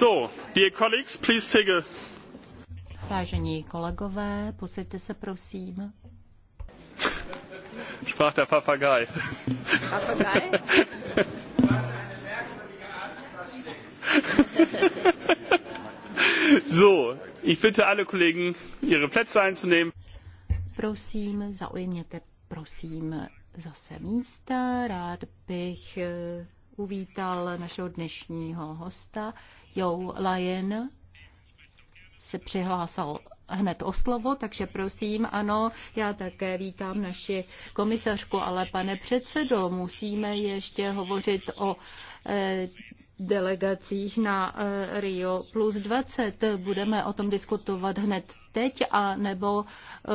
So, dear colleagues, please take a... Vážení kolegové, posaďte se prosím. Sprach der Papagei. Papagei? so, ich bitte alle Kollegen, ihre Plätze einzunehmen. Prosím, zaujměte prosím zase místa. Rád bych eh, uvítal našeho dnešního hosta. Joe Lyon se přihlásil hned o slovo, takže prosím, ano, já také vítám naši komisařku, ale pane předsedo, musíme ještě hovořit o eh, delegacích na eh, Rio plus 20. Budeme o tom diskutovat hned teď a nebo eh,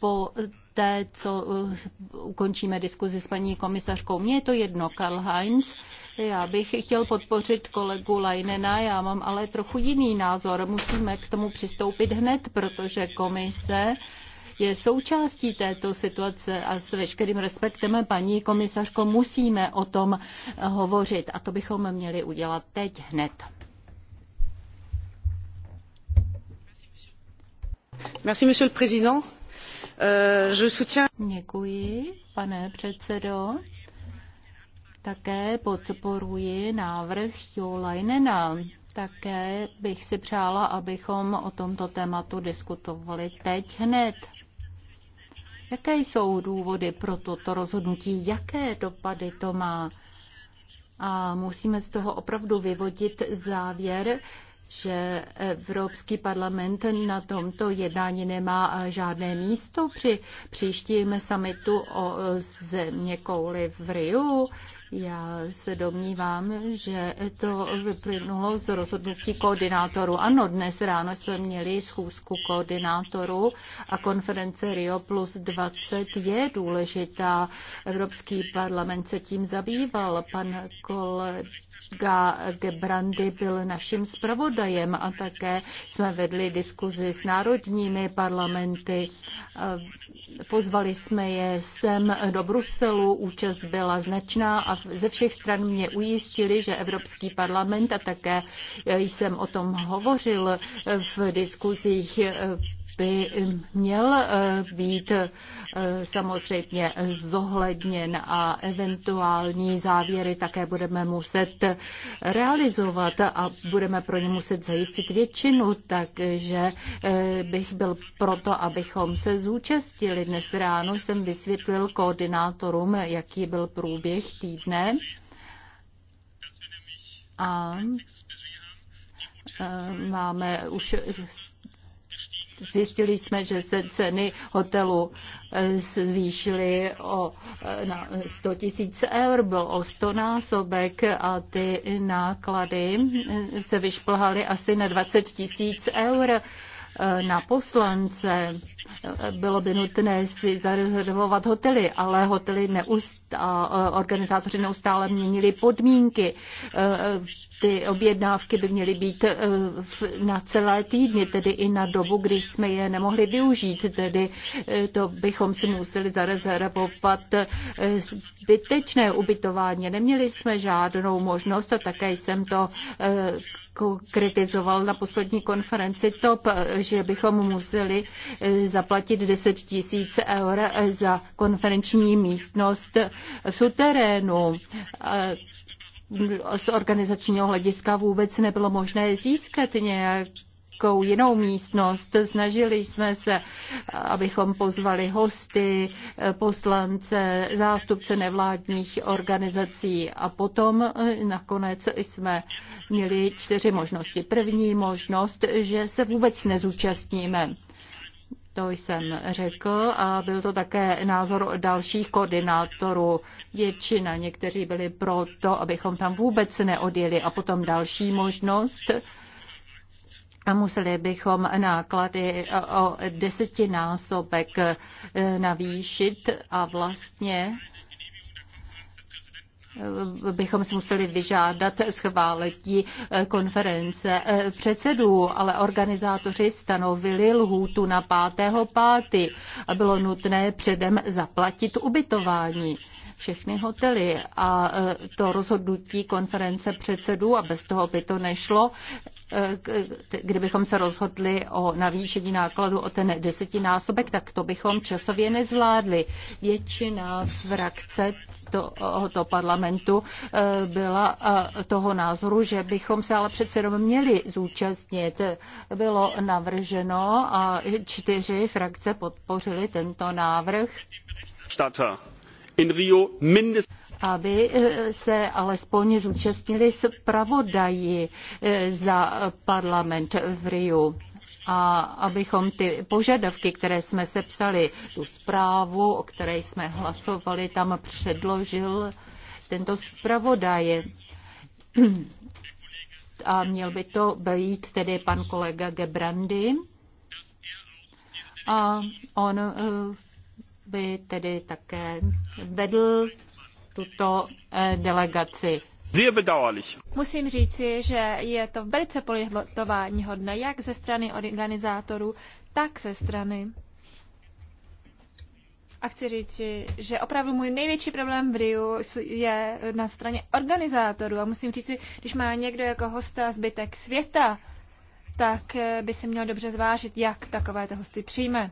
po té, co eh, ukončíme diskuzi s paní komisařkou. Mně je to jedno, Karl Heinz. Já bych chtěl podpořit kolegu Leinena, já mám ale trochu jiný názor. Musíme k tomu přistoupit hned, protože komise je součástí této situace a s veškerým respektem, paní komisařko, musíme o tom hovořit a to bychom měli udělat teď hned. Merci, monsieur le président. Euh, je soutiens... Děkuji, pane předsedo. Také podporuji návrh Jo Leinena. Také bych si přála, abychom o tomto tématu diskutovali teď hned. Jaké jsou důvody pro toto rozhodnutí? Jaké dopady to má? A musíme z toho opravdu vyvodit závěr, že Evropský parlament na tomto jednání nemá žádné místo při příštím samitu o země kouli v Riu. Já se domnívám, že to vyplynulo z rozhodnutí koordinátorů. Ano, dnes ráno jsme měli schůzku koordinátorů a konference Rio plus 20 je důležitá. Evropský parlament se tím zabýval. Pan kolega kolega Gebrandy byl naším zpravodajem a také jsme vedli diskuzi s národními parlamenty. Pozvali jsme je sem do Bruselu, účast byla značná a ze všech stran mě ujistili, že Evropský parlament a také jsem o tom hovořil v diskuzích by měl eh, být eh, samozřejmě zohledněn a eventuální závěry také budeme muset realizovat a budeme pro ně muset zajistit většinu, takže eh, bych byl proto, abychom se zúčastnili. Dnes ráno jsem vysvětlil koordinátorům, jaký byl průběh týdne. A máme už Zjistili jsme, že se ceny hotelu eh, zvýšily o eh, na 100 tisíc eur, byl o 100 násobek a ty náklady eh, se vyšplhaly asi na 20 tisíc eur na poslance. Bylo by nutné si zarezervovat hotely, ale hotely neustále, organizátoři neustále měnili podmínky ty objednávky by měly být eh, na celé týdny, tedy i na dobu, kdy jsme je nemohli využít, tedy eh, to bychom si museli zarezervovat eh, zbytečné ubytování. Neměli jsme žádnou možnost a také jsem to kritizoval na poslední konferenci TOP, že bychom museli zaplatit 10 tisíc eur za konferenční místnost v suterénu z organizačního hlediska vůbec nebylo možné získat nějakou jinou místnost. Snažili jsme se, abychom pozvali hosty, poslance, zástupce nevládních organizací a potom eh, nakonec jsme měli čtyři možnosti. První možnost, že se vůbec nezúčastníme. To jsem řekl a byl to také názor dalších koordinátorů. Většina, někteří byli pro to, abychom tam vůbec neodjeli. A potom další možnost, a museli bychom náklady o desetinásobek navýšit a vlastně Eh, bychom si museli vyžádat schválení eh, konference eh, předsedů, ale organizátoři stanovili lhůtu na 5.5. a bylo nutné předem zaplatit ubytování všechny hotely a to rozhodnutí konference předsedů a bez toho by to nešlo, kdybychom se rozhodli o navýšení nákladu o ten desetinásobek, tak to bychom časově nezvládli. Většina frakce tohoto parlamentu eh, byla eh, toho názoru, že bychom se ale přece jenom měli zúčastnit. Bylo navrženo a čtyři frakce podpořili tento návrh. Stata. In Rio aby eh, se alespoň zúčastnili zpravodaji za parlament v Riu a abychom ty požadavky, které jsme sepsali, tu zprávu, o které jsme hlasovali, tam předložil tento zpravodaj. A měl by to být tedy pan kolega Gebrandy. A on eh, by tedy také vedl tuto eh, delegaci. Musím říci, že je to velice politování hodné, jak ze strany organizátorů, tak ze strany. A chci říci, že opravdu můj největší problém v Riu je na straně organizátorů. A musím říci, když má někdo jako hosta zbytek světa, tak eh, by se měl dobře zvážit, jak takovéto hosty přijme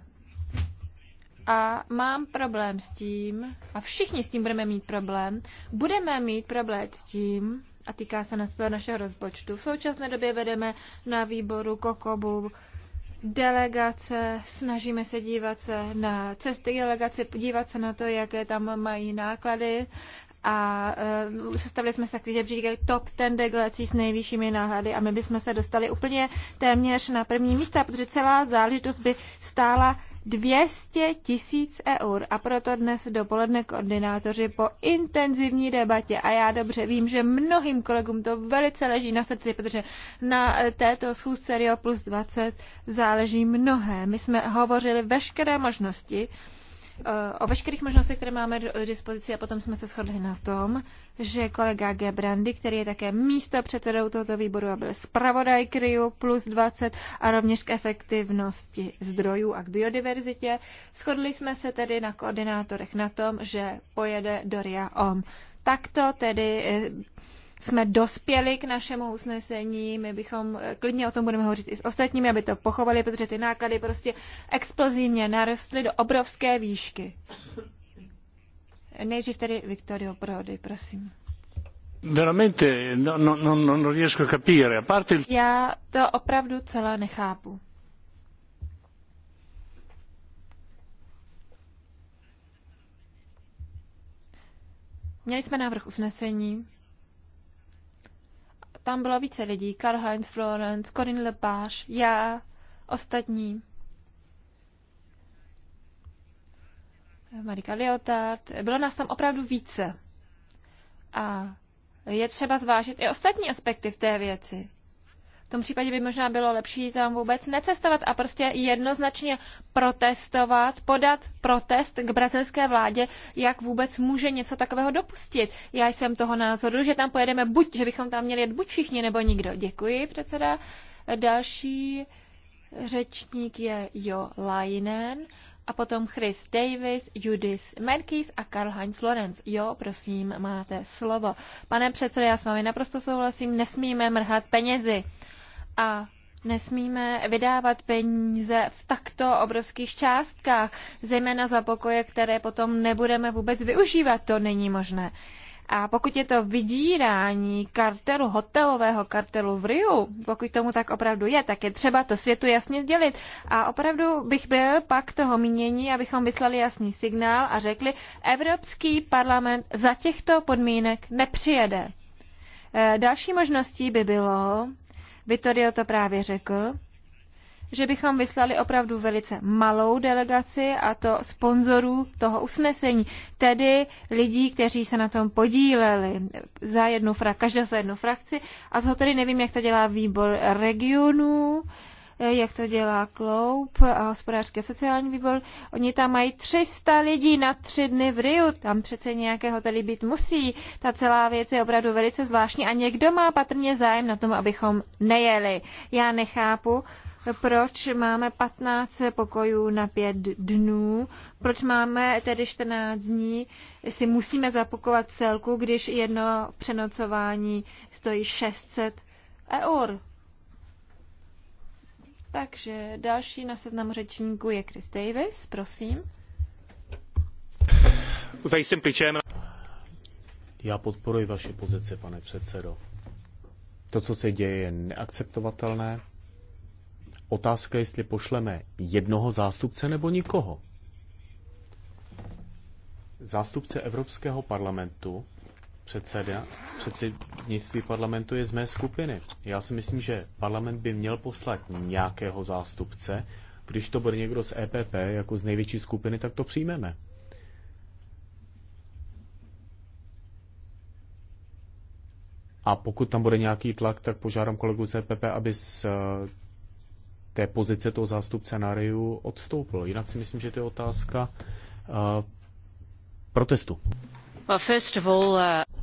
a mám problém s tím, a všichni s tím budeme mít problém, budeme mít problém s tím, a týká se nás to našeho rozpočtu. V současné době vedeme na výboru Kokobu delegace, snažíme se dívat se na cesty delegace, podívat se na to, jaké tam mají náklady a uh, sestavili jsme se takový žebříček top ten delegací s nejvyššími náhlady a my bychom se dostali úplně téměř na první místa, protože celá záležitost by stála 200 tisíc eur. A proto dnes dopoledne koordinátoři po intenzivní debatě, a já dobře vím, že mnohým kolegům to velice leží na srdci, protože na eh, této schůzce Rio plus 20 záleží mnohé. My jsme hovořili veškeré možnosti, Eh, o veškerých možnostech, které máme do dispozici a potom jsme se shodli na tom, že kolega Gebrandy, který je také místo předsedou tohoto výboru a byl zpravodaj kryu plus 20 a rovněž k efektivnosti zdrojů a k biodiverzitě, shodli jsme se tedy na koordinátorech na tom, že pojede Doria Om. Takto tedy eh, jsme dospěli k našemu usnesení. My bychom eh, klidně o tom budeme hovořit i s ostatními, aby to pochovali, protože ty náklady prostě explozivně narostly do obrovské výšky. Nejdřív tedy Viktorio Prodi, prosím. Veramente no, no, no, no non riesco a capire. A parte... Já to opravdu celé nechápu. Měli jsme návrh usnesení, tam bylo více lidí. Karl-Heinz Florence, Corinne Lepage, já, ostatní. Marika Liotard. Bylo nás tam opravdu více. A je třeba zvážit i ostatní aspekty v té věci. V tom případě by možná bylo lepší tam vůbec necestovat a prostě jednoznačně protestovat, podat protest k brazilské vládě, jak vůbec může něco takového dopustit. Já jsem toho názoru, že tam pojedeme buď, že bychom tam měli jet buď všichni nebo nikdo. Děkuji, předseda. Další řečník je Jo Leinen a potom Chris Davis, Judith Merkis a Karl Heinz Lorenz. Jo, prosím, máte slovo. Pane předsedo, já s vámi naprosto souhlasím, nesmíme mrhat penězi a nesmíme vydávat peníze v takto obrovských částkách, zejména za pokoje, které potom nebudeme vůbec využívat, to není možné. A pokud je to vydírání kartelu, hotelového kartelu v Riu, pokud tomu tak opravdu je, tak je třeba to světu jasně sdělit. A opravdu bych byl pak toho mínění, abychom vyslali jasný signál a řekli, Evropský parlament za těchto podmínek nepřijede. E, další možností by bylo, Vittorio to právě řekl, že bychom vyslali opravdu velice malou delegaci a to sponzorů toho usnesení, tedy lidí, kteří se na tom podíleli za jednu frak, každá za jednu frakci a z toho tedy nevím, jak to dělá výbor regionů, Eh, jak to dělá Kloup a hospodářský a sociální výbor. Oni tam mají 300 lidí na tři dny v Riu, tam přece nějaké hotely být musí. Ta celá věc je opravdu velice zvláštní a někdo má patrně zájem na tom, abychom nejeli. Já nechápu, proč máme 15 pokojů na 5 dnů, proč máme tedy 14 dní, si musíme zapokovat celku, když jedno přenocování stojí 600 eur. Takže další na seznamu řečníků je Chris Davis, prosím. Já podporuji vaši pozici, pane předsedo. To, co se děje, je neakceptovatelné. Otázka, jestli pošleme jednoho zástupce nebo nikoho. Zástupce Evropského parlamentu předseda, předsednictví parlamentu je z mé skupiny. Já si myslím, že parlament by měl poslat nějakého zástupce. Když to bude někdo z EPP, jako z největší skupiny, tak to přijmeme. A pokud tam bude nějaký tlak, tak požádám kolegu z EPP, aby z eh, té pozice toho zástupce na RIU odstoupil. Jinak si myslím, že to je otázka uh, protestu. Well, first of all, uh...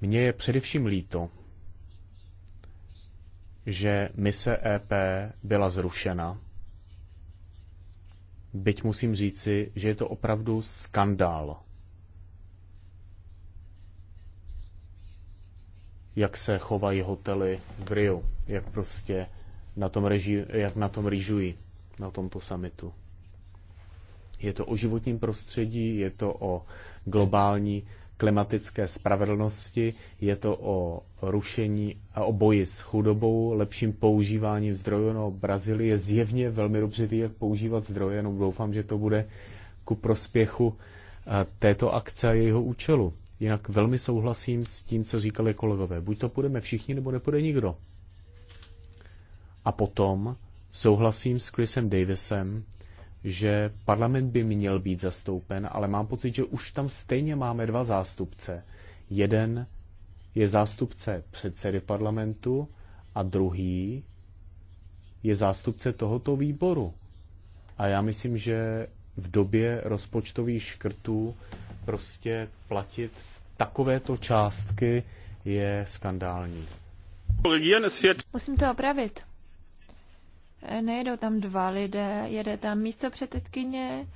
Mně je především líto, že mise EP byla zrušena. Byť musím říci, že je to opravdu skandál. Jak se chovají hotely v Rio, jak prostě na tom, reži, jak na tom rýžují, na tomto summitu. Je to o životním prostředí, je to o globální klimatické spravedlnosti, je to o rušení a o boji s chudobou, lepším používáním zdrojů. No, Brazílie zjevně velmi dobře ví, jak používat zdroje, jenom doufám, že to bude ku prospěchu eh, této akce a jejího účelu. Jinak velmi souhlasím s tím, co říkali kolegové. Buď to půjdeme všichni, nebo nepůjde nikdo. A potom souhlasím s Chrisem Davisem, že parlament by měl být zastoupen, ale mám pocit, že už tam stejně máme dva zástupce. Jeden je zástupce předsedy parlamentu a druhý je zástupce tohoto výboru. A já myslím, že v době rozpočtových škrtů prostě platit takovéto částky je skandální. Musím to opravit nejedou tam dva lidé, jede tam místo předsedkyně,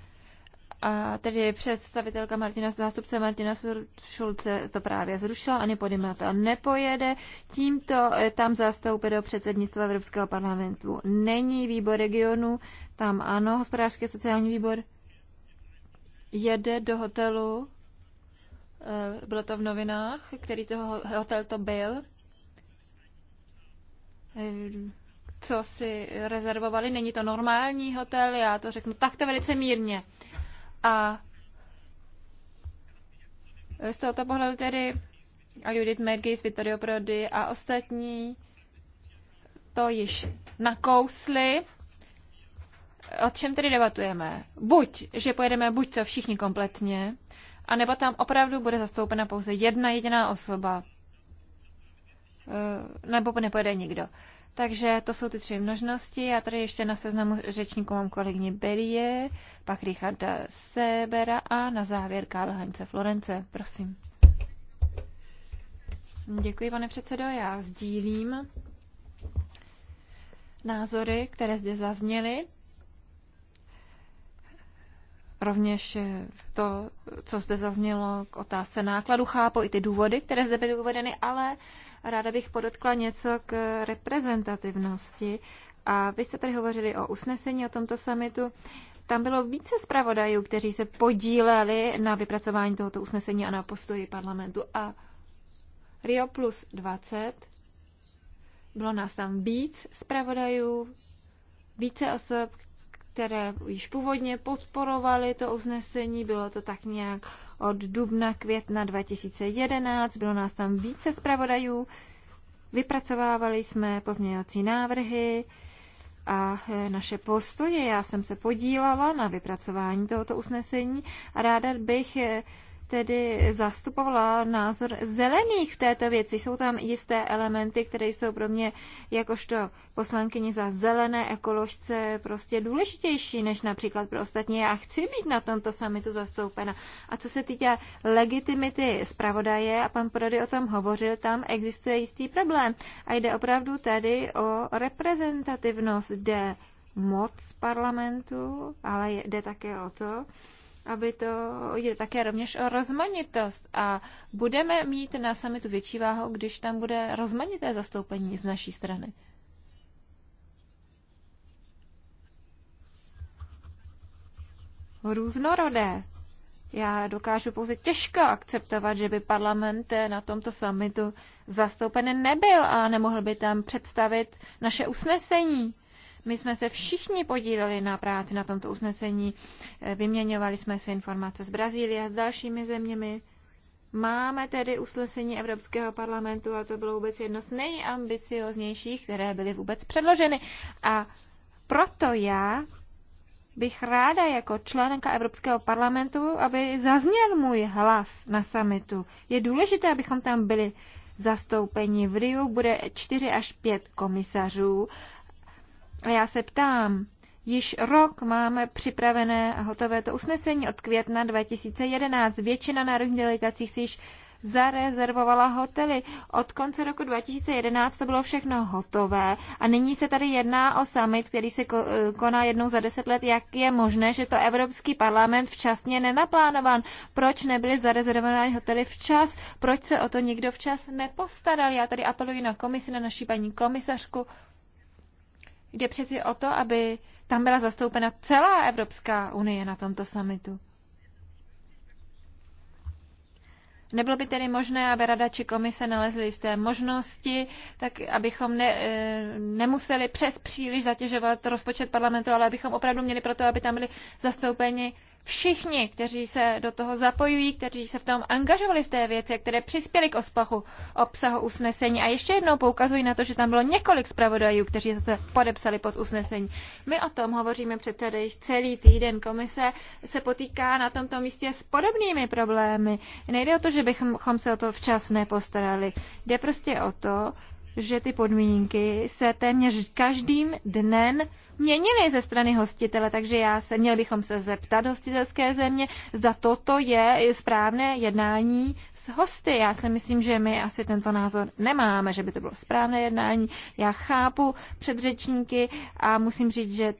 a tedy představitelka Martina, zástupce Martina Šulce to právě zrušila, ani to nepojede. Tímto eh, tam do předsednictva Evropského parlamentu není výbor regionu, tam ano, hospodářský sociální výbor jede do hotelu, eh, bylo to v novinách, který to hotel to byl. Eh, co si rezervovali. Není to normální hotel, já to řeknu takto velice mírně. A z tohoto pohledu tedy a Judith Mergis, Vittorio Prodi a ostatní to již nakousli. O čem tedy debatujeme? Buď, že pojedeme buď to všichni kompletně, anebo tam opravdu bude zastoupena pouze jedna jediná osoba, e, nebo nepojede nikdo. Takže to jsou ty tři množnosti. Já tady ještě na seznamu řečníků mám kolegyně Berie, pak Richarda Sebera a na závěr Karla Heinze Florence. Prosím. Děkuji, pane předsedo. Já sdílím názory, které zde zazněly. Rovněž to, co zde zaznělo k otázce nákladu, chápu i ty důvody, které zde byly uvedeny, ale uh, Ráda bych podotkla něco k reprezentativnosti. A vy jste tady hovořili o usnesení o tomto summitu. Tam bylo více zpravodajů, kteří se podíleli na vypracování tohoto usnesení a na postoji parlamentu. A Rio plus 20, bylo nás tam víc zpravodajů, více osob, které již původně podporovali to usnesení, bylo to tak nějak od dubna května 2011. Bylo nás tam více zpravodajů. Vypracovávali jsme pozměňovací návrhy a e, naše postoje. Já jsem se podílala na vypracování tohoto usnesení a ráda bych e, tedy zastupovala názor zelených v této věci. Jsou tam jisté elementy, které jsou pro mě jakožto poslankyni za zelené ekoložce prostě důležitější než například pro ostatní. Já chci být na tomto samitu zastoupena. A co se týče legitimity zpravodaje, a pan Prody o tom hovořil, tam existuje jistý problém. A jde opravdu tady o reprezentativnost, jde moc parlamentu, ale jde také o to, aby to je také rovněž o rozmanitost. A budeme mít na samitu větší váhu, když tam bude rozmanité zastoupení z naší strany. Různorodé. Já dokážu pouze těžko akceptovat, že by parlament na tomto summitu zastoupen nebyl a nemohl by tam představit naše usnesení. My jsme se všichni podíleli na práci na tomto usnesení, eh, vyměňovali jsme se informace z Brazílie a s dalšími zeměmi. Máme tedy usnesení Evropského parlamentu a to bylo vůbec jedno z nejambicioznějších, které byly vůbec předloženy. A proto já bych ráda jako členka Evropského parlamentu, aby zazněl můj hlas na summitu. Je důležité, abychom tam byli zastoupeni. V Riu bude 4 až 5 komisařů a já se ptám, již rok máme připravené a hotové to usnesení od května 2011. Většina národních delegací si již zarezervovala hotely. Od konce roku 2011 to bylo všechno hotové a nyní se tady jedná o summit, který se koná jednou za deset let. Jak je možné, že to Evropský parlament včasně nenaplánovan? Proč nebyly zarezervovány hotely včas? Proč se o to nikdo včas nepostaral? Já tady apeluji na komisi, na naší paní komisařku. Jde přeci o to, aby tam byla zastoupena celá Evropská unie na tomto samitu. Nebylo by tedy možné, aby rada či komise nalezly jisté možnosti, tak abychom ne, eh, nemuseli přes příliš zatěžovat rozpočet parlamentu, ale abychom opravdu měli proto, aby tam byli zastoupeni všichni, kteří se do toho zapojují, kteří se v tom angažovali v té věci, které přispěli k ospachu obsahu usnesení. A ještě jednou poukazují na to, že tam bylo několik zpravodajů, kteří se podepsali pod usnesení. My o tom hovoříme přece již celý týden. Komise se potýká na tomto místě s podobnými problémy. Nejde o to, že bychom se o to včas nepostarali. Jde prostě o to, že ty podmínky se téměř každým dnem měnily ze strany hostitele, takže já se, měl bychom se zeptat hostitelské země, zda toto je správné jednání s hosty. Já si myslím, že my asi tento názor nemáme, že by to bylo správné jednání. Já chápu předřečníky a musím říct, že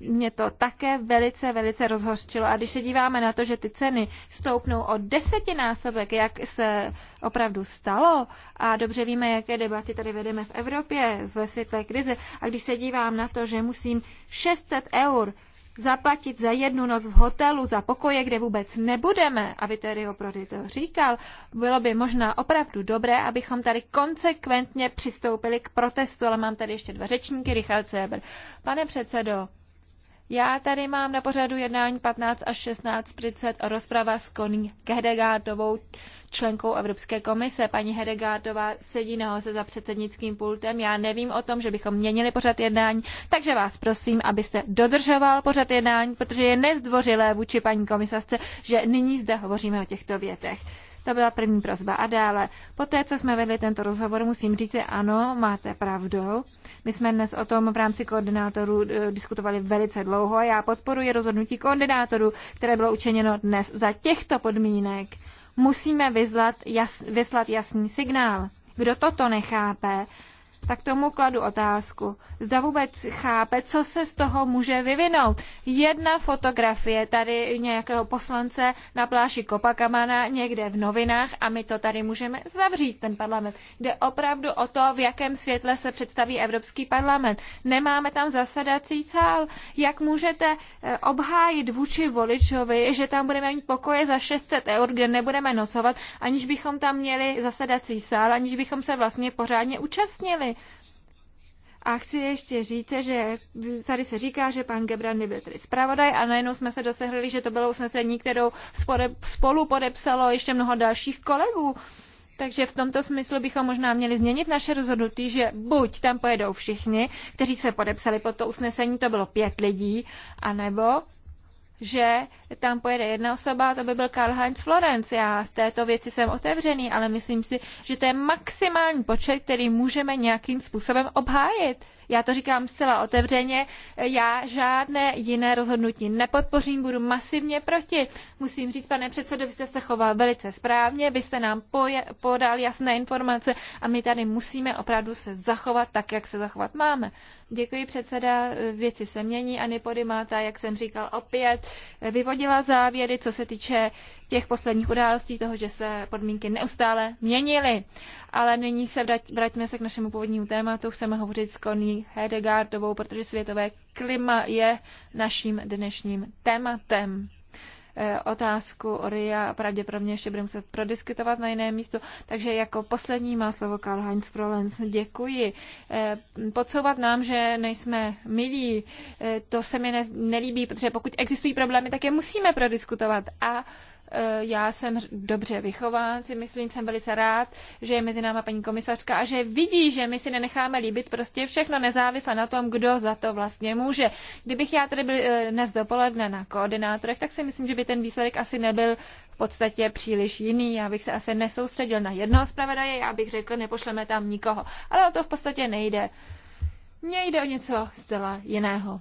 mě to také velice, velice rozhořčilo. A když se díváme na to, že ty ceny stoupnou o desetinásobek, jak se opravdu stalo, a dobře víme, jaké debaty tady vedeme v Evropě ve světlé krize, a když se dívám na to, že musím 600 eur zaplatit za jednu noc v hotelu, za pokoje, kde vůbec nebudeme, aby tedy opravdu to říkal, bylo by možná opravdu dobré, abychom tady konsekventně přistoupili k protestu, ale mám tady ještě dva řečníky, Richard Seber. Pane předsedo, já tady mám na pořadu jednání 15 až 16 rozprava s Koní Hedegardovou, členkou Evropské komise. Paní Hedegardová sedí nahoře za předsednickým pultem. Já nevím o tom, že bychom měnili pořad jednání, takže vás prosím, abyste dodržoval pořad jednání, protože je nezdvořilé vůči paní komisařce, že nyní zde hovoříme o těchto větech. To byla první prozba. A dále, po té, co jsme vedli tento rozhovor, musím říct, že ano, máte pravdu. My jsme dnes o tom v rámci koordinátorů eh, diskutovali velice dlouho a já podporuji rozhodnutí koordinátorů, které bylo učiněno dnes. Za těchto podmínek musíme vyslat, jas, vyslat jasný signál. Kdo toto nechápe, tak tomu kladu otázku zda vůbec chápe, co se z toho může vyvinout. Jedna fotografie tady nějakého poslance na pláši Kopakamana někde v novinách a my to tady můžeme zavřít, ten parlament. Jde opravdu o to, v jakém světle se představí Evropský parlament. Nemáme tam zasedací sál. Jak můžete eh, obhájit vůči voličovi, že tam budeme mít pokoje za 600 eur, kde nebudeme nocovat, aniž bychom tam měli zasedací sál, aniž bychom se vlastně pořádně účastnili. A chci ještě říct, že tady se říká, že pan Gebrandy byl tedy zpravodaj a najednou jsme se dosehli, že to bylo usnesení, kterou spolu podepsalo ještě mnoho dalších kolegů. Takže v tomto smyslu bychom možná měli změnit naše rozhodnutí, že buď tam pojedou všichni, kteří se podepsali pod to usnesení, to bylo pět lidí, anebo že tam pojede jedna osoba, to by byl Karl-Heinz Florenc. Já v této věci jsem otevřený, ale myslím si, že to je maximální počet, který můžeme nějakým způsobem obhájit. Já to říkám zcela otevřeně. Já žádné jiné rozhodnutí nepodpořím, budu masivně proti. Musím říct, pane předsedo, vy jste se choval velice správně, vy jste nám podal jasné informace a my tady musíme opravdu se zachovat tak, jak se zachovat máme. Děkuji předseda, věci se mění a Nipodimáta, jak jsem říkal, opět vyvodila závěry, co se týče těch posledních událostí, toho, že se podmínky neustále měnily ale nyní se vrať, vraťme se k našemu původnímu tématu. Chceme hovořit s Connie Hedegardovou, protože světové klima je naším dnešním tématem. E, otázku o RIA pravděpodobně ještě budeme muset prodiskutovat na jiném místu. Takže jako poslední má slovo Karl Heinz Prolens. Děkuji. E, podsouvat nám, že nejsme milí, e, to se mi ne, nelíbí, protože pokud existují problémy, tak je musíme prodiskutovat. A Eh, já jsem dobře vychován, si myslím, jsem velice rád, že je mezi náma paní komisařka a že vidí, že my si nenecháme líbit prostě všechno nezávisle na tom, kdo za to vlastně může. Kdybych já tady byl eh, dnes dopoledne na koordinátorech, tak si myslím, že by ten výsledek asi nebyl v podstatě příliš jiný. Já bych se asi nesoustředil na jednoho zpravodaje, já bych řekl, nepošleme tam nikoho. Ale o to v podstatě nejde. Mně jde o něco zcela jiného.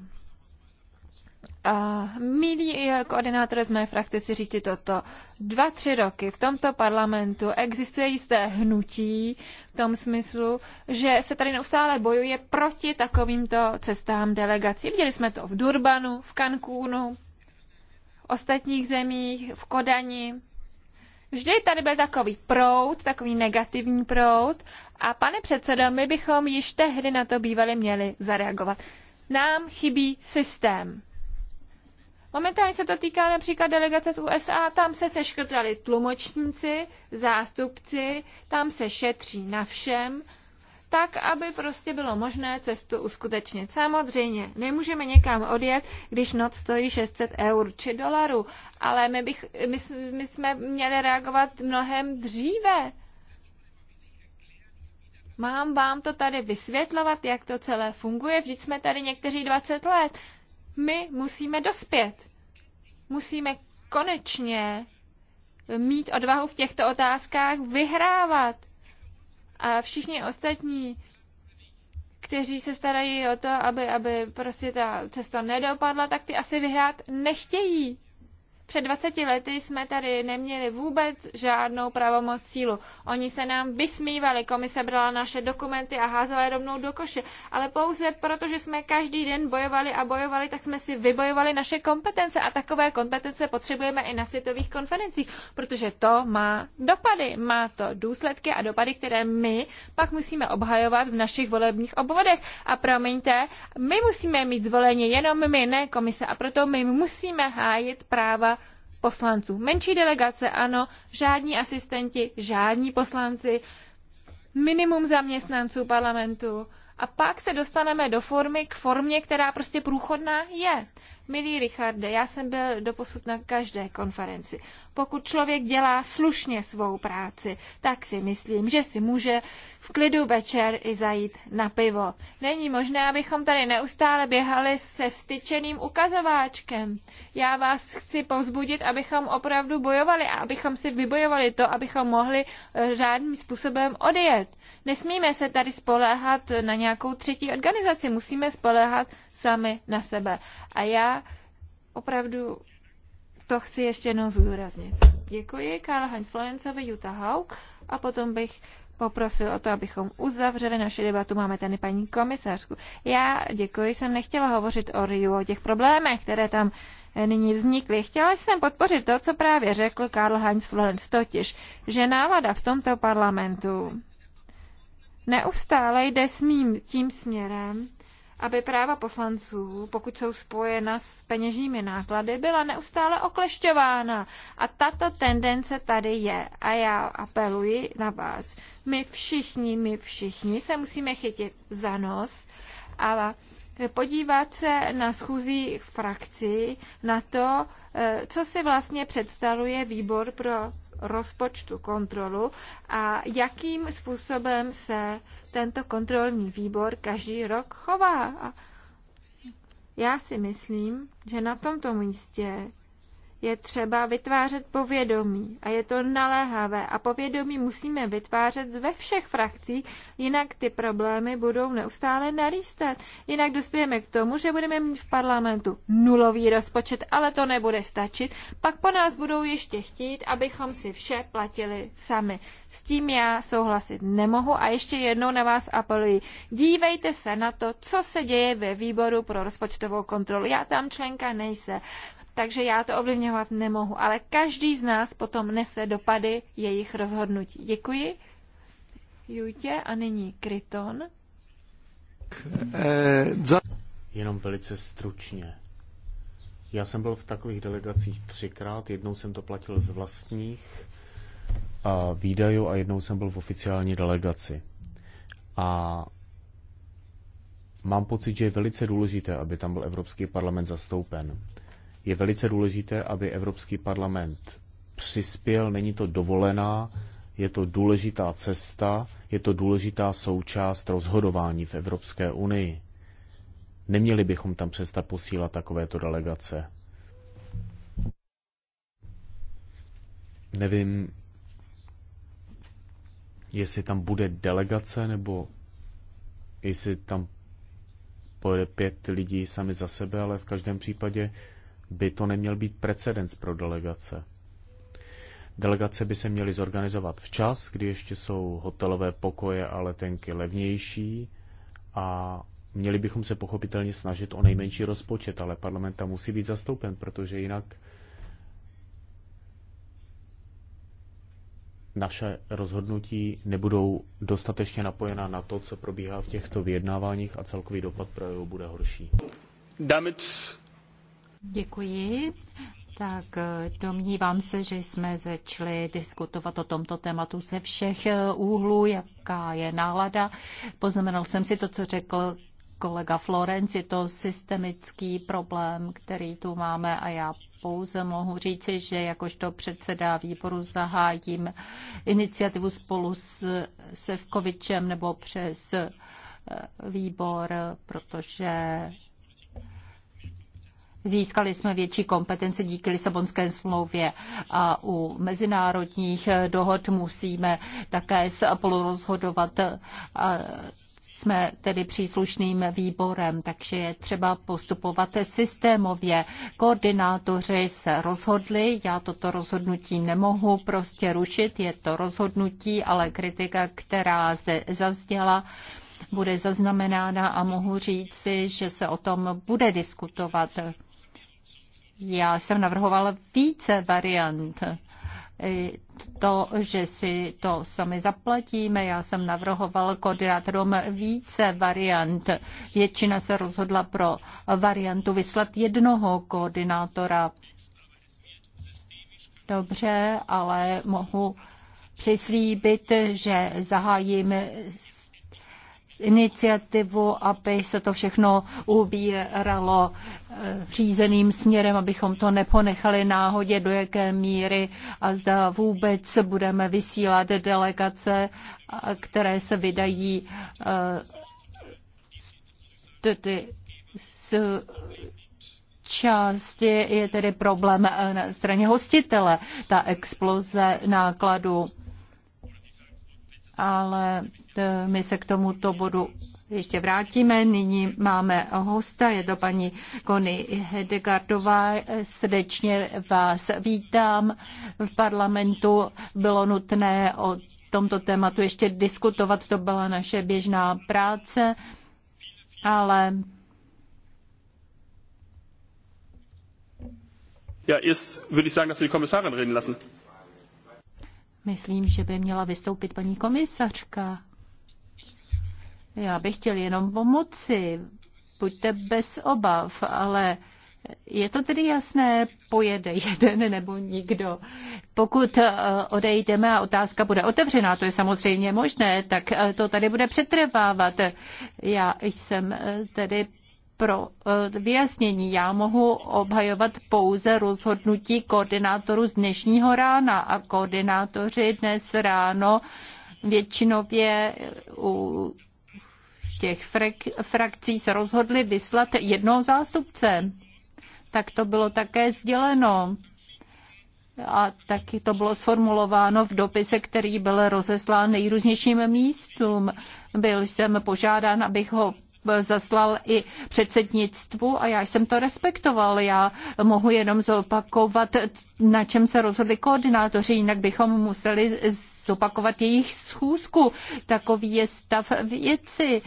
A milí koordinátor z mé frakce si říci toto. Dva, tři roky v tomto parlamentu existuje jisté hnutí v tom smyslu, že se tady neustále bojuje proti takovýmto cestám delegací. Viděli jsme to v Durbanu, v Cancúnu, v ostatních zemích, v Kodani. Vždy tady byl takový proud, takový negativní proud a pane předsedo, my bychom již tehdy na to bývali měli zareagovat. Nám chybí systém Momentálně se to týká například delegace z USA, tam se seškrtali tlumočníci, zástupci, tam se šetří na všem, tak, aby prostě bylo možné cestu uskutečnit. Samozřejmě, nemůžeme někam odjet, když noc stojí 600 eur či dolarů, ale my, bych, my, my jsme měli reagovat mnohem dříve. Mám vám to tady vysvětlovat, jak to celé funguje? Vždyť jsme tady někteří 20 let my musíme dospět. Musíme konečně mít odvahu v těchto otázkách vyhrávat. A všichni ostatní, kteří se starají o to, aby, aby prostě ta cesta nedopadla, tak ty asi vyhrát nechtějí. Před 20 lety jsme tady neměli vůbec žádnou pravomoc sílu. Oni se nám vysmívali, komise brala naše dokumenty a házela je rovnou do koše. Ale pouze proto, že jsme každý den bojovali a bojovali, tak jsme si vybojovali naše kompetence a takové kompetence potřebujeme i na světových konferencích, protože to má dopady, má to důsledky a dopady, které my pak musíme obhajovat v našich volebních obvodech. A promiňte, my musíme mít zvolení jenom my, ne komise. A proto my musíme hájit práva poslanců. Menší delegace, ano, žádní asistenti, žádní poslanci, minimum zaměstnanců parlamentu a pak se dostaneme do formy k formě, která prostě průchodná je. Milý Richarde, já jsem byl doposud na každé konferenci. Pokud člověk dělá slušně svou práci, tak si myslím, že si může v klidu večer i zajít na pivo. Není možné, abychom tady neustále běhali se styčeným ukazováčkem. Já vás chci povzbudit, abychom opravdu bojovali a abychom si vybojovali to, abychom mohli eh, řádným způsobem odjet. Nesmíme se tady spoléhat na nějakou třetí organizaci, musíme spoléhat sami na sebe. A já opravdu to chci ještě jednou zdůraznit. Děkuji Karl Heinz Florencovi, Jutta Haug a potom bych poprosil o to, abychom uzavřeli naši debatu. Máme tady paní komisařku. Já děkuji, jsem nechtěla hovořit o Riu, o těch problémech, které tam eh, nyní vznikly. Chtěla jsem podpořit to, co právě řekl Karl Heinz Florenc, totiž, že nálada v tomto parlamentu neustále jde s mým tím směrem, aby práva poslanců, pokud jsou spojena s peněžními náklady, byla neustále oklešťována. A tato tendence tady je. A já apeluji na vás. My všichni, my všichni se musíme chytit za nos a podívat se na schůzí frakci, na to, eh, co si vlastně představuje výbor pro rozpočtu kontrolu a jakým způsobem se tento kontrolní výbor každý rok chová. A já si myslím, že na tomto místě je třeba vytvářet povědomí a je to naléhavé a povědomí musíme vytvářet ve všech frakcích, jinak ty problémy budou neustále narýstat. Jinak dospějeme k tomu, že budeme mít v parlamentu nulový rozpočet, ale to nebude stačit. Pak po nás budou ještě chtít, abychom si vše platili sami. S tím já souhlasit nemohu a ještě jednou na vás apeluji. Dívejte se na to, co se děje ve výboru pro rozpočtovou kontrolu. Já tam členka nejsem takže já to ovlivňovat nemohu. Ale každý z nás potom nese dopady jejich rozhodnutí. Děkuji. Jutě a nyní Kryton. Eh, Jenom velice stručně. Já jsem byl v takových delegacích třikrát, jednou jsem to platil z vlastních a eh, výdajů a jednou jsem byl v oficiální delegaci. A mám pocit, že je velice důležité, aby tam byl Evropský parlament zastoupen. Je velice důležité, aby Evropský parlament přispěl, není to dovolená, je to důležitá cesta, je to důležitá součást rozhodování v Evropské unii. Neměli bychom tam přestat posílat takovéto delegace. Nevím, jestli tam bude delegace, nebo jestli tam pojede pět lidí sami za sebe, ale v každém případě by to neměl být precedens pro delegace. Delegace by se měly zorganizovat včas, kdy ještě jsou hotelové pokoje a letenky levnější a měli bychom se pochopitelně snažit o nejmenší rozpočet, ale parlament tam musí být zastoupen, protože jinak naše rozhodnutí nebudou dostatečně napojena na to, co probíhá v těchto vyjednáváních a celkový dopad pro EU bude horší. Damit Děkuji. Tak eh, domnívám se, že jsme začali diskutovat o tomto tématu ze všech eh, úhlů, jaká je nálada. Poznamenal jsem si to, co řekl kolega Florenc, je to systemický problém, který tu máme a já pouze mohu říci, že jakožto předseda výboru zahájím iniciativu spolu s Sevkovičem nebo přes eh, výbor, protože Získali jsme větší kompetence díky Lisabonské smlouvě a u mezinárodních eh, dohod musíme také spolurozhodovat. jsme tedy příslušným výborem, takže je třeba postupovat systémově. Koordinátoři se rozhodli, já toto rozhodnutí nemohu prostě rušit, je to rozhodnutí, ale kritika, která zde zazněla, bude zaznamenána a mohu říci, že se o tom bude diskutovat. Já jsem navrhovala více variant. To, že si to sami zaplatíme, já jsem navrhoval koordinátorům více variant. Většina se rozhodla pro variantu vyslat jednoho koordinátora. Dobře, ale mohu přislíbit, že zahájím iniciativu, aby se to všechno ubíralo eh, řízeným směrem, abychom to neponechali náhodě, do jaké míry a zda vůbec budeme vysílat delegace, které se vydají eh, tedy s části je tedy problém eh, na straně hostitele, ta exploze nákladu. Ale Eh, my se k tomuto bodu ještě vrátíme. Nyní máme hosta, je to paní Kony Hedegardová. Srdečně vás vítám v parlamentu. Bylo nutné o tomto tématu ještě diskutovat, to byla naše běžná práce, ale Ja, erst würde ich sagen, dass wir die Kommissarin reden lassen. Myslím, že by měla vystoupit paní komisařka. Já bych chtěl jenom pomoci, buďte bez obav, ale je to tedy jasné, pojede jeden nebo nikdo. Pokud eh, odejdeme a otázka bude otevřená, to je samozřejmě možné, tak eh, to tady bude přetrvávat. Já jsem eh, tedy pro vyjasnění. Já mohu obhajovat pouze rozhodnutí koordinátoru z dnešního rána a koordinátoři dnes ráno většinově u těch frakcí se rozhodli vyslat jednoho zástupce. Tak to bylo také sděleno. A taky to bylo sformulováno v dopise, který byl rozeslán nejrůznějším místům. Byl jsem požádán, abych ho zaslal i předsednictvu a já jsem to respektoval. Já mohu jenom zopakovat, na čem se rozhodli koordinátoři, jinak bychom museli z zopakovat jejich schůzku. Takový je stav věci.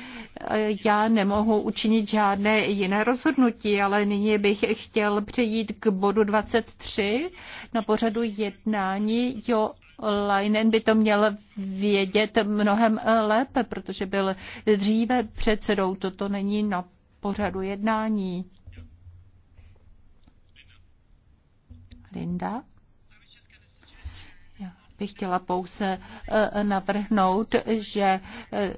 Já nemohu učinit žádné jiné rozhodnutí, ale nyní bych chtěl přejít k bodu 23 na pořadu jednání. Jo, Leinen by to měl vědět mnohem lépe, protože byl dříve předsedou. Toto není na pořadu jednání. Linda? bych chtěla pouze eh, navrhnout, že eh,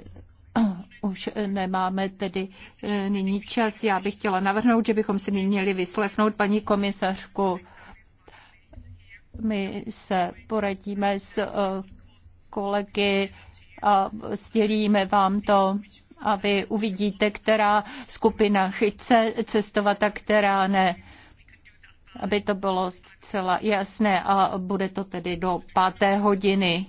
už nemáme tedy eh, nyní čas. Já bych chtěla navrhnout, že bychom si nyní měli vyslechnout paní komisařku. My se poradíme s kolegy a sdělíme vám to a vy uvidíte, která skupina chce cestovat a která ne aby to bylo zcela jasné a bude to tedy do páté hodiny.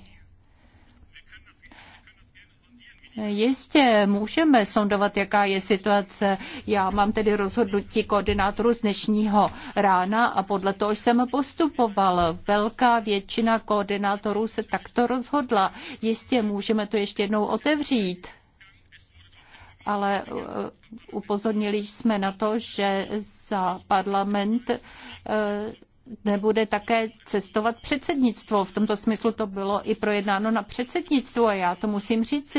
Jistě, můžeme sondovat, jaká je situace. Já mám tedy rozhodnutí koordinátorů z dnešního rána a podle toho jsem postupoval. Velká většina koordinátorů se takto rozhodla. Jistě, můžeme to ještě jednou otevřít ale eh, upozornili jsme na to, že za parlament eh, nebude také cestovat předsednictvo. V tomto smyslu to bylo i projednáno na předsednictvu a já to musím říct.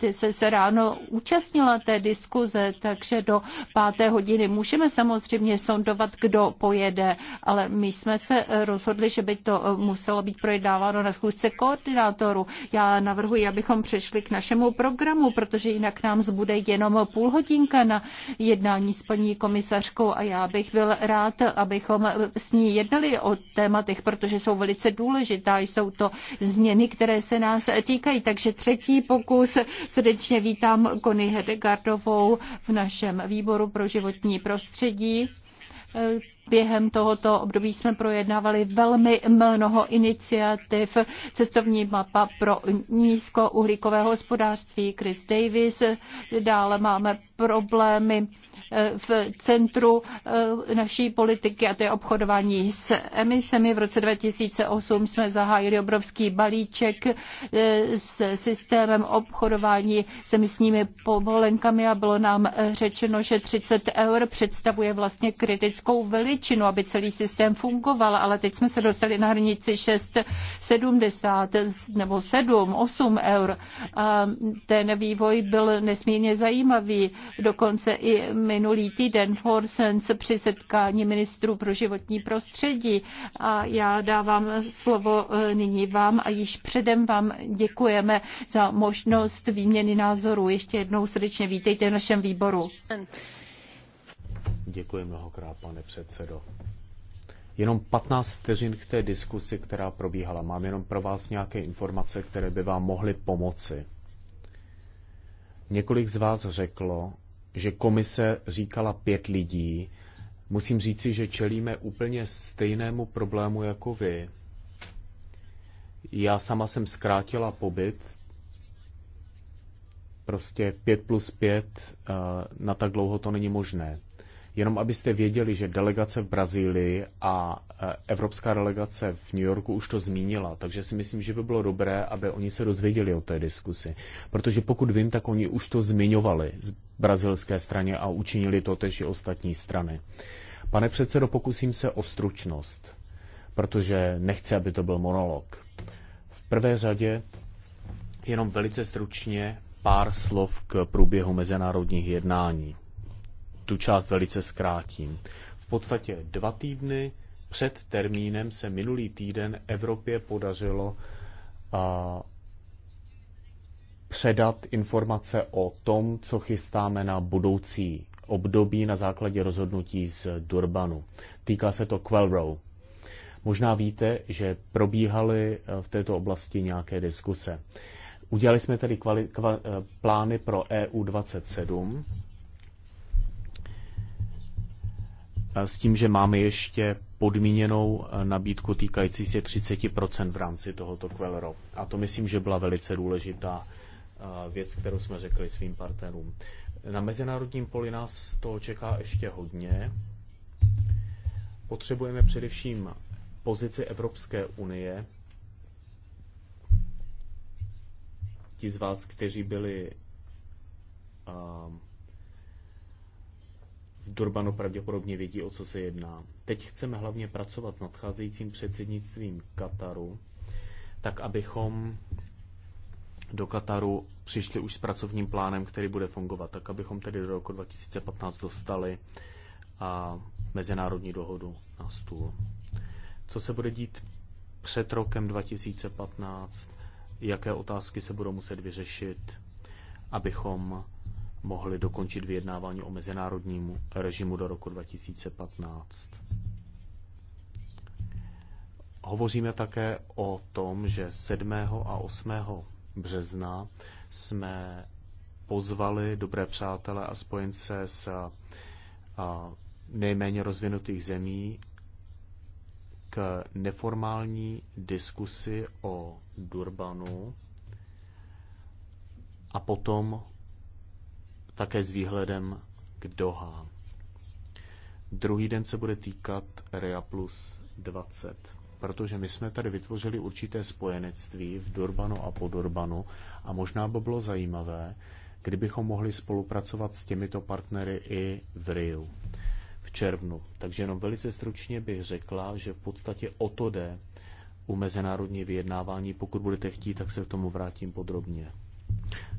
Ty se, se ráno účastnila té diskuze, takže do páté hodiny můžeme samozřejmě sondovat, kdo pojede, ale my jsme se rozhodli, že by to eh, muselo být projednáváno na schůzce koordinátorů. Já navrhuji, abychom přešli k našemu programu, protože jinak nám zbude jenom půl hodinka na jednání s paní komisařkou a já bych byl rád, abychom s ní jednali o tématech, protože jsou velice důležitá. Jsou to změny, které se nás týkají. Takže třetí pokus. Srdečně vítám Kony Hedegardovou v našem výboru pro životní prostředí. Během tohoto období jsme projednávali velmi mnoho iniciativ. Cestovní mapa pro nízkouhlíkové hospodářství Chris Davis. Dále máme problémy eh, v centru eh, naší politiky a to je obchodování s emisemi. V roce 2008 jsme zahájili obrovský balíček eh, s systémem obchodování s emisními povolenkami a bylo nám řečeno, že 30 eur představuje vlastně kritickou veličinu, aby celý systém fungoval, ale teď jsme se dostali na hranici 6,70 nebo 7, 8 eur. A ten vývoj byl nesmírně zajímavý. Dokonce i minulý týden v Horsens při setkání ministrů pro životní prostředí. A já dávám slovo eh, nyní vám a již předem vám děkujeme za možnost výměny názorů. Ještě jednou srdečně vítejte v našem výboru. Děkuji mnohokrát, pane předsedo. Jenom 15 vteřin k té diskusi, která probíhala. Mám jenom pro vás nějaké informace, které by vám mohly pomoci. Několik z vás řeklo, že komise říkala pět lidí. Musím říci, že čelíme úplně stejnému problému jako vy. Já sama jsem zkrátila pobyt, prostě 5 plus 5 eh, na tak dlouho to není možné. Jenom abyste věděli, že delegace v Brazílii a evropská delegace v New Yorku už to zmínila, takže si myslím, že by bylo dobré, aby oni se dozvěděli o té diskusi. Protože pokud vím, tak oni už to zmiňovali z brazilské straně a učinili to tež i ostatní strany. Pane předsedo, pokusím se o stručnost, protože nechci, aby to byl monolog. V prvé řadě jenom velice stručně pár slov k průběhu mezinárodních jednání. Tu část velice zkrátím. V podstatě dva týdny před termínem se minulý týden Evropě podařilo a, předat informace o tom, co chystáme na budoucí období na základě rozhodnutí z Durbanu. Týká se to Quellrow. Možná víte, že probíhaly e, v této oblasti nějaké diskuse. Udělali jsme tedy kvali, kva, e, plány pro EU 27 Eh, s tím, že máme ještě podmíněnou eh, nabídku týkající se 30% v rámci tohoto Quellero. A to myslím, že byla velice důležitá eh, věc, kterou jsme řekli svým partnerům. Na mezinárodním poli nás toho čeká ještě hodně. Potřebujeme především pozici Evropské unie. Ti z vás, kteří byli um, Durbano pravděpodobně vědí, o co se jedná. Teď chceme hlavně pracovat s nadcházejícím předsednictvím Kataru, tak abychom do Kataru přišli už s pracovním plánem, který bude fungovat, tak abychom tedy do roku 2015 dostali a mezinárodní dohodu na stůl. Co se bude dít před rokem 2015, jaké otázky se budou muset vyřešit, abychom mohli dokončit vyjednávání o mezinárodním režimu do roku 2015. Hovoříme také o tom, že 7. a 8. března jsme pozvali dobré přátelé a spojence s nejméně rozvinutých zemí k neformální diskusi o Durbanu a potom také s výhledem k Doha. Druhý den se bude týkat Rea plus 20, protože my jsme tady vytvořili určité spojenectví v Durbanu a po Durbanu a možná by bylo zajímavé, kdybychom mohli spolupracovat s těmito partnery i v Riu v červnu. Takže jenom velice stručně bych řekla, že v podstatě o to jde u mezinárodní vyjednávání. Pokud budete chtít, tak se k tomu vrátím podrobně.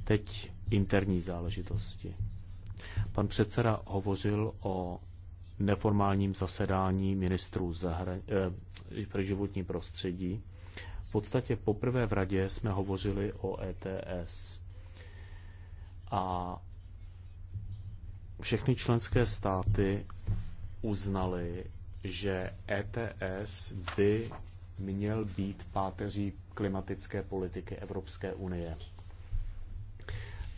Teď interní záležitosti. Pan předseda hovořil o neformálním zasedání ministrů zahra- eh, pro životní prostředí. V podstatě poprvé v radě jsme hovořili o ETS. A všechny členské státy uznali, že ETS by měl být páteří klimatické politiky Evropské unie.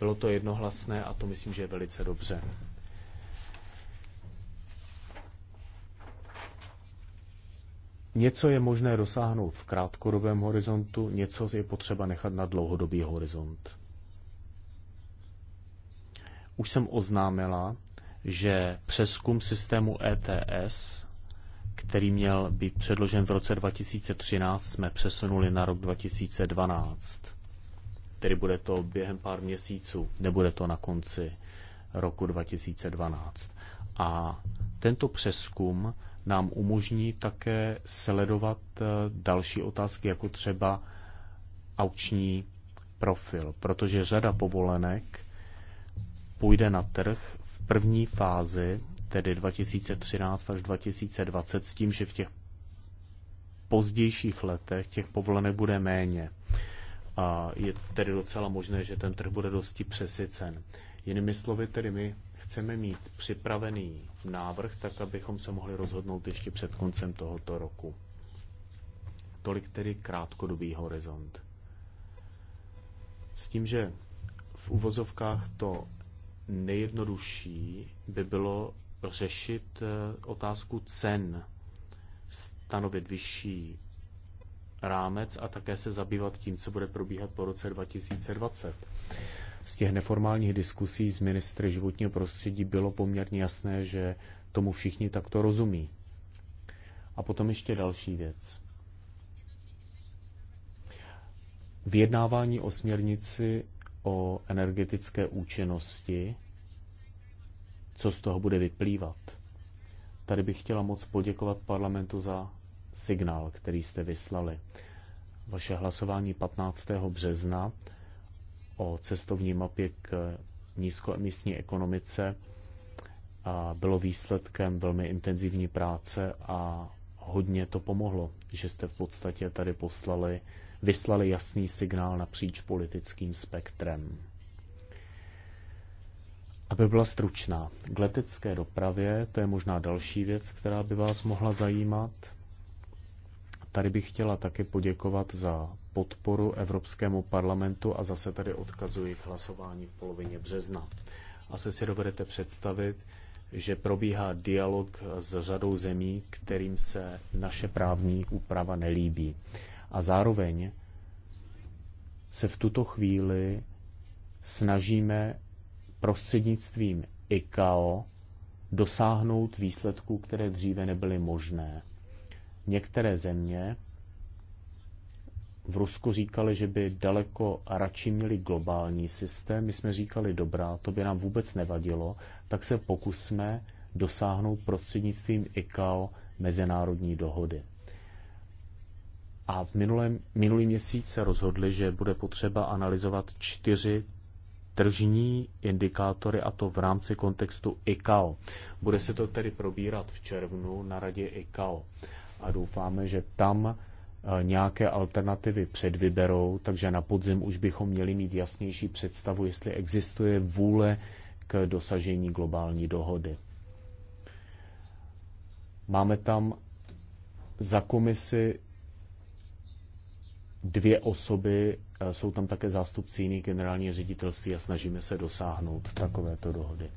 Bylo to jednohlasné a to myslím, že je velice dobře. Něco je možné dosáhnout v krátkodobém horizontu, něco je potřeba nechat na dlouhodobý horizont. Už jsem oznámila, že přeskum systému ETS, který měl být předložen v roce 2013, jsme přesunuli na rok 2012 tedy bude to během pár měsíců, nebude to na konci roku 2012. A tento přeskum nám umožní také sledovat eh, další otázky, jako třeba auční profil, protože řada povolenek půjde na trh v první fázi, tedy 2013 až 2020, s tím, že v těch pozdějších letech těch povolenek bude méně. A je tedy docela možné, že ten trh bude dosti přesycen. Jinými slovy, tedy my chceme mít připravený návrh, tak abychom se mohli rozhodnout ještě před koncem tohoto roku. Tolik tedy krátkodobý horizont. S tím, že v uvozovkách to nejjednodušší by bylo řešit eh, otázku cen, stanovit vyšší rámec a také se zabývat tím, co bude probíhat po roce 2020. Z těch neformálních diskusí s ministry životního prostředí bylo poměrně jasné, že tomu všichni takto rozumí. A potom ještě další věc. Vyjednávání o směrnici o energetické účinnosti, co z toho bude vyplývat. Tady bych chtěla moc poděkovat parlamentu za signál, který jste vyslali. Vaše hlasování 15. března o cestovní mapě k nízkoemisní ekonomice bylo výsledkem velmi intenzivní práce a hodně to pomohlo, že jste v podstatě tady poslali, vyslali jasný signál napříč politickým spektrem. Aby byla stručná, k letecké dopravě, to je možná další věc, která by vás mohla zajímat. Tady bych chtěla taky poděkovat za podporu Evropskému parlamentu a zase tady odkazuji k hlasování v polovině března. Asi si dovedete představit, že probíhá dialog s řadou zemí, kterým se naše právní úprava nelíbí. A zároveň se v tuto chvíli snažíme prostřednictvím ICAO dosáhnout výsledků, které dříve nebyly možné. Některé země v Rusku říkali, že by daleko radši měli globální systém. My jsme říkali, dobrá, to by nám vůbec nevadilo, tak se pokusme dosáhnout prostřednictvím ICAO mezinárodní dohody. A v minulém, minulý měsíc se rozhodli, že bude potřeba analyzovat čtyři tržní indikátory, a to v rámci kontextu ICAO. Bude se to tedy probírat v červnu na radě ICAO a doufáme, že tam eh, nějaké alternativy předvyberou, takže na podzim už bychom měli mít jasnější představu, jestli existuje vůle k dosažení globální dohody. Máme tam za komisi dvě osoby, eh, jsou tam také zástupci jiných generální ředitelství a snažíme se dosáhnout takovéto dohody.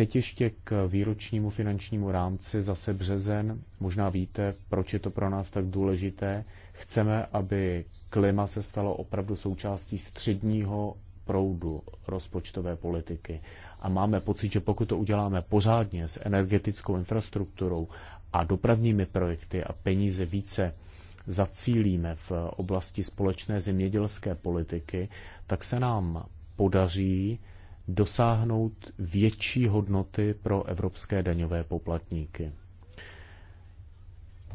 Teď ještě k výročnímu finančnímu rámci zase březen. Možná víte, proč je to pro nás tak důležité. Chceme, aby klima se stalo opravdu součástí středního proudu rozpočtové politiky. A máme pocit, že pokud to uděláme pořádně s energetickou infrastrukturou a dopravními projekty a peníze více zacílíme v oblasti společné zemědělské politiky, tak se nám podaří dosáhnout větší hodnoty pro evropské daňové poplatníky.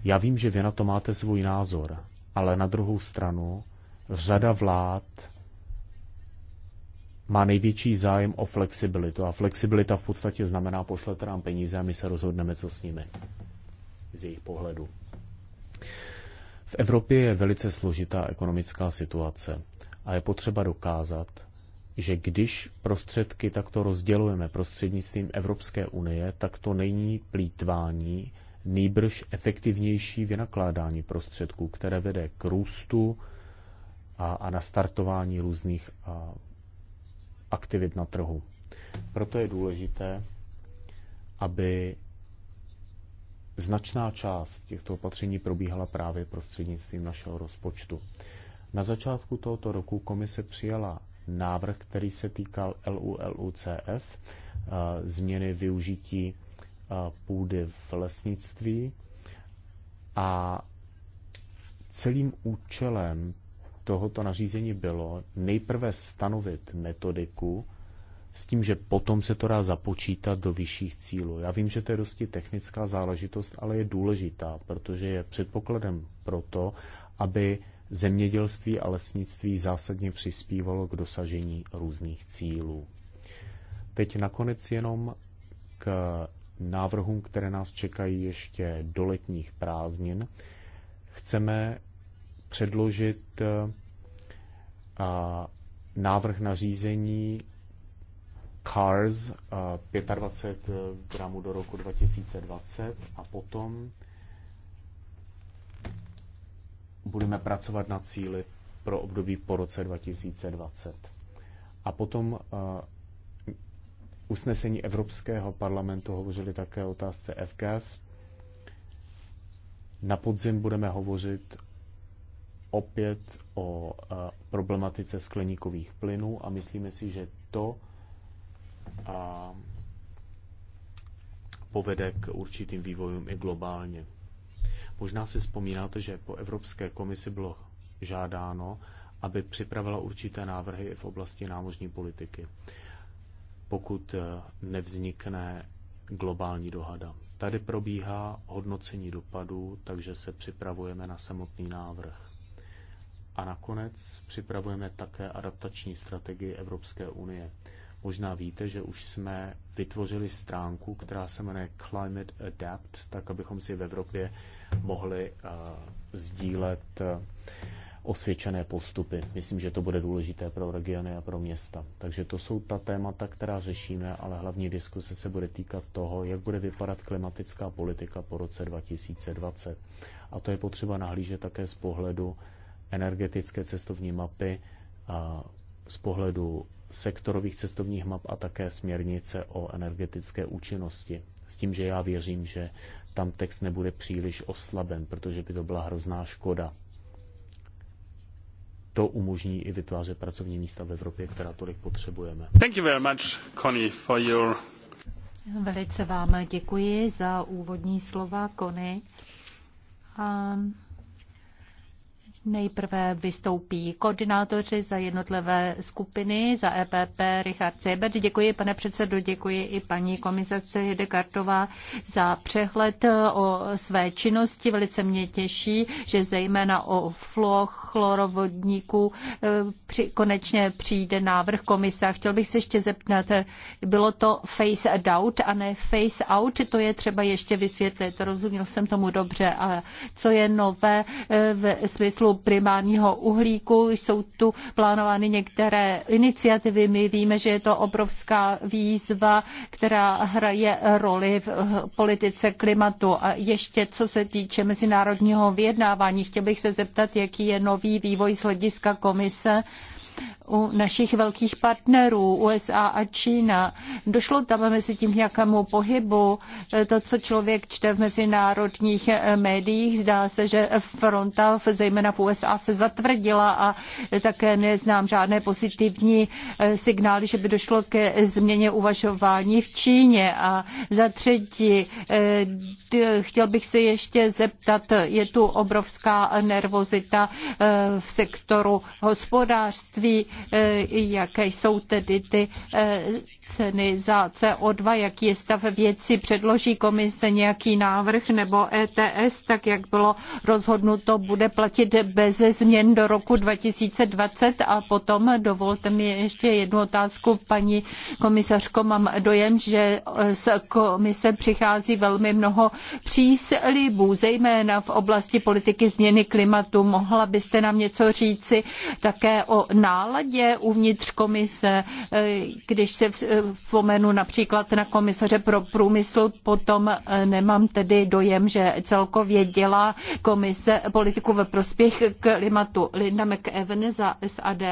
Já vím, že vy na to máte svůj názor, ale na druhou stranu řada vlád má největší zájem o flexibilitu. A flexibilita v podstatě znamená, pošlete nám peníze a my se rozhodneme, co s nimi. Z jejich pohledu. V Evropě je velice složitá ekonomická situace a je potřeba dokázat, že když prostředky takto rozdělujeme prostřednictvím Evropské unie, tak to není plítvání, nýbrž efektivnější vynakládání prostředků, které vede k růstu a, a nastartování různých a, aktivit na trhu. Proto je důležité, aby značná část těchto opatření probíhala právě prostřednictvím našeho rozpočtu. Na začátku tohoto roku komise přijala návrh, který se týkal LULUCF, eh, změny využití eh, půdy v lesnictví a celým účelem tohoto nařízení bylo nejprve stanovit metodiku, s tím, že potom se to dá započítat do vyšších cílů. Já vím, že to je dosti technická záležitost, ale je důležitá, protože je předpokladem pro to, aby Zemědělství a lesnictví zásadně přispívalo k dosažení různých cílů. Teď nakonec jenom k návrhům, které nás čekají ještě do letních prázdnin. Chceme předložit eh, návrh na řízení CARS 25 eh, eh, gramů do roku 2020 a potom budeme pracovat na cíli pro období po roce 2020. A potom eh, usnesení Evropského parlamentu hovořili také o otázce FKS. Na podzim budeme hovořit opět o eh, problematice skleníkových plynů a myslíme si, že to eh, povede k určitým vývojům i globálně. Možná si vzpomínáte, že po Evropské komisi bylo žádáno, aby připravila určité návrhy v oblasti námořní politiky, pokud eh, nevznikne globální dohada. Tady probíhá hodnocení dopadů, takže se připravujeme na samotný návrh. A nakonec připravujeme také adaptační strategii Evropské unie. Možná víte, že už jsme vytvořili stránku, která se jmenuje Climate Adapt, tak abychom si v Evropě mohli uh, sdílet uh, osvědčené postupy. Myslím, že to bude důležité pro regiony a pro města. Takže to jsou ta témata, která řešíme, ale hlavní diskuse se bude týkat toho, jak bude vypadat klimatická politika po roce 2020. A to je potřeba nahlížet také z pohledu energetické cestovní mapy, a z pohledu sektorových cestovních map a také směrnice o energetické účinnosti. S tím, že já věřím, že tam text nebude příliš oslaben, protože by to byla hrozná škoda. To umožní i vytvářet pracovní místa v Evropě, která tolik potřebujeme. Thank you very much, Connie, for your... Velice vám děkuji za úvodní slova, Connie. Nejprve vystoupí koordinátoři za jednotlivé skupiny, za EPP Richard Seber. Děkuji, pane předsedo, děkuji i paní komisace Hedekartová za přehled o své činnosti. Velice mě těší, že zejména o chlorovodníku eh, při, konečně přijde návrh komisa. Chtěl bych se ještě zeptat, bylo to face out a ne face out, to je třeba ještě vysvětlit. Rozuměl jsem tomu dobře. A co je nové eh, v smyslu primárního uhlíku. Jsou tu plánovány některé iniciativy. My víme, že je to obrovská výzva, která hraje roli v politice klimatu. A ještě co se týče mezinárodního vyjednávání, chtěl bych se zeptat, jaký je nový vývoj z hlediska komise u našich velkých partnerů USA a Čína. Došlo tam mezi tím nějakému pohybu. To, co člověk čte v mezinárodních médiích, zdá se, že fronta zejména v USA se zatvrdila a také neznám žádné pozitivní eh, signály, že by došlo ke změně uvažování v Číně. A za třetí, eh, chtěl bych se ještě zeptat, je tu obrovská nervozita eh, v sektoru hospodářství neví, eh, jaké jsou tedy ty eh, ceny za CO2, jaký je stav věci, předloží komise nějaký návrh nebo ETS, tak jak bylo rozhodnuto, bude platit bez změn do roku 2020 a potom dovolte mi ještě jednu otázku, paní komisařko, mám dojem, že eh, z komise přichází velmi mnoho příslibů, zejména v oblasti politiky změny klimatu. Mohla byste nám něco říci také o návrhu náladě uvnitř komise. Eh, když se eh, vzpomenu například na komisaře pro průmysl, potom eh, nemám tedy dojem, že celkově dělá komise politiku ve prospěch klimatu. Linda McEwen za SAD.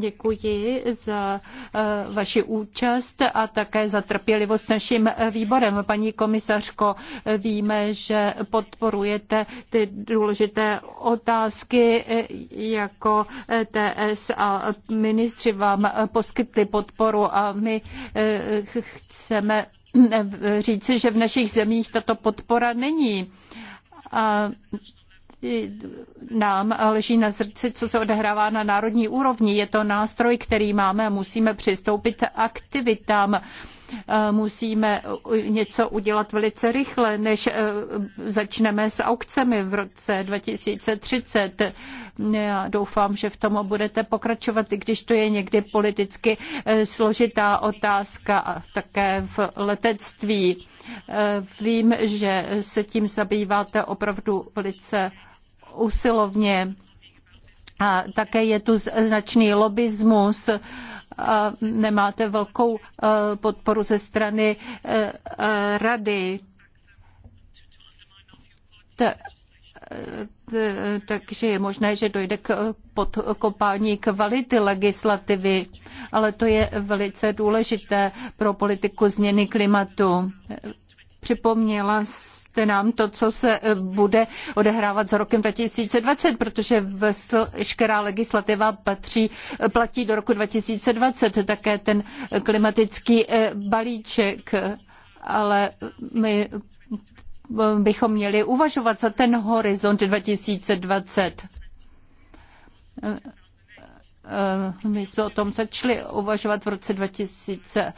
Děkuji za eh, vaši účast a také za trpělivost s naším eh, výborem. Paní komisařko, víme, že podporujete ty důležité otázky eh, jako TS a ministři vám poskytli podporu a my chceme říci, že v našich zemích tato podpora není. A nám leží na srdci, co se odehrává na národní úrovni. Je to nástroj, který máme a musíme přistoupit aktivitám e, musíme něco udělat velice rychle, než e, začneme s aukcemi v roce 2030. Já doufám, že v tom budete pokračovat, i když to je někdy politicky e, složitá otázka a také v letectví. Vím, že se tím zabýváte opravdu velice usilovně. A také je tu značný lobismus a nemáte velkou eh, podporu ze strany eh, rady. Ta, eh, takže je možné, že dojde k podkopání kvality legislativy, ale to je velice důležité pro politiku změny klimatu. Připomněla jste nám to, co se eh, bude odehrávat za rokem 2020, protože veškerá legislativa patří, eh, platí do roku 2020, také ten eh, klimatický balíček, ale my bychom měli uvažovat za ten horizont 2020. My jsme o tom začali uvažovat v roce 2000.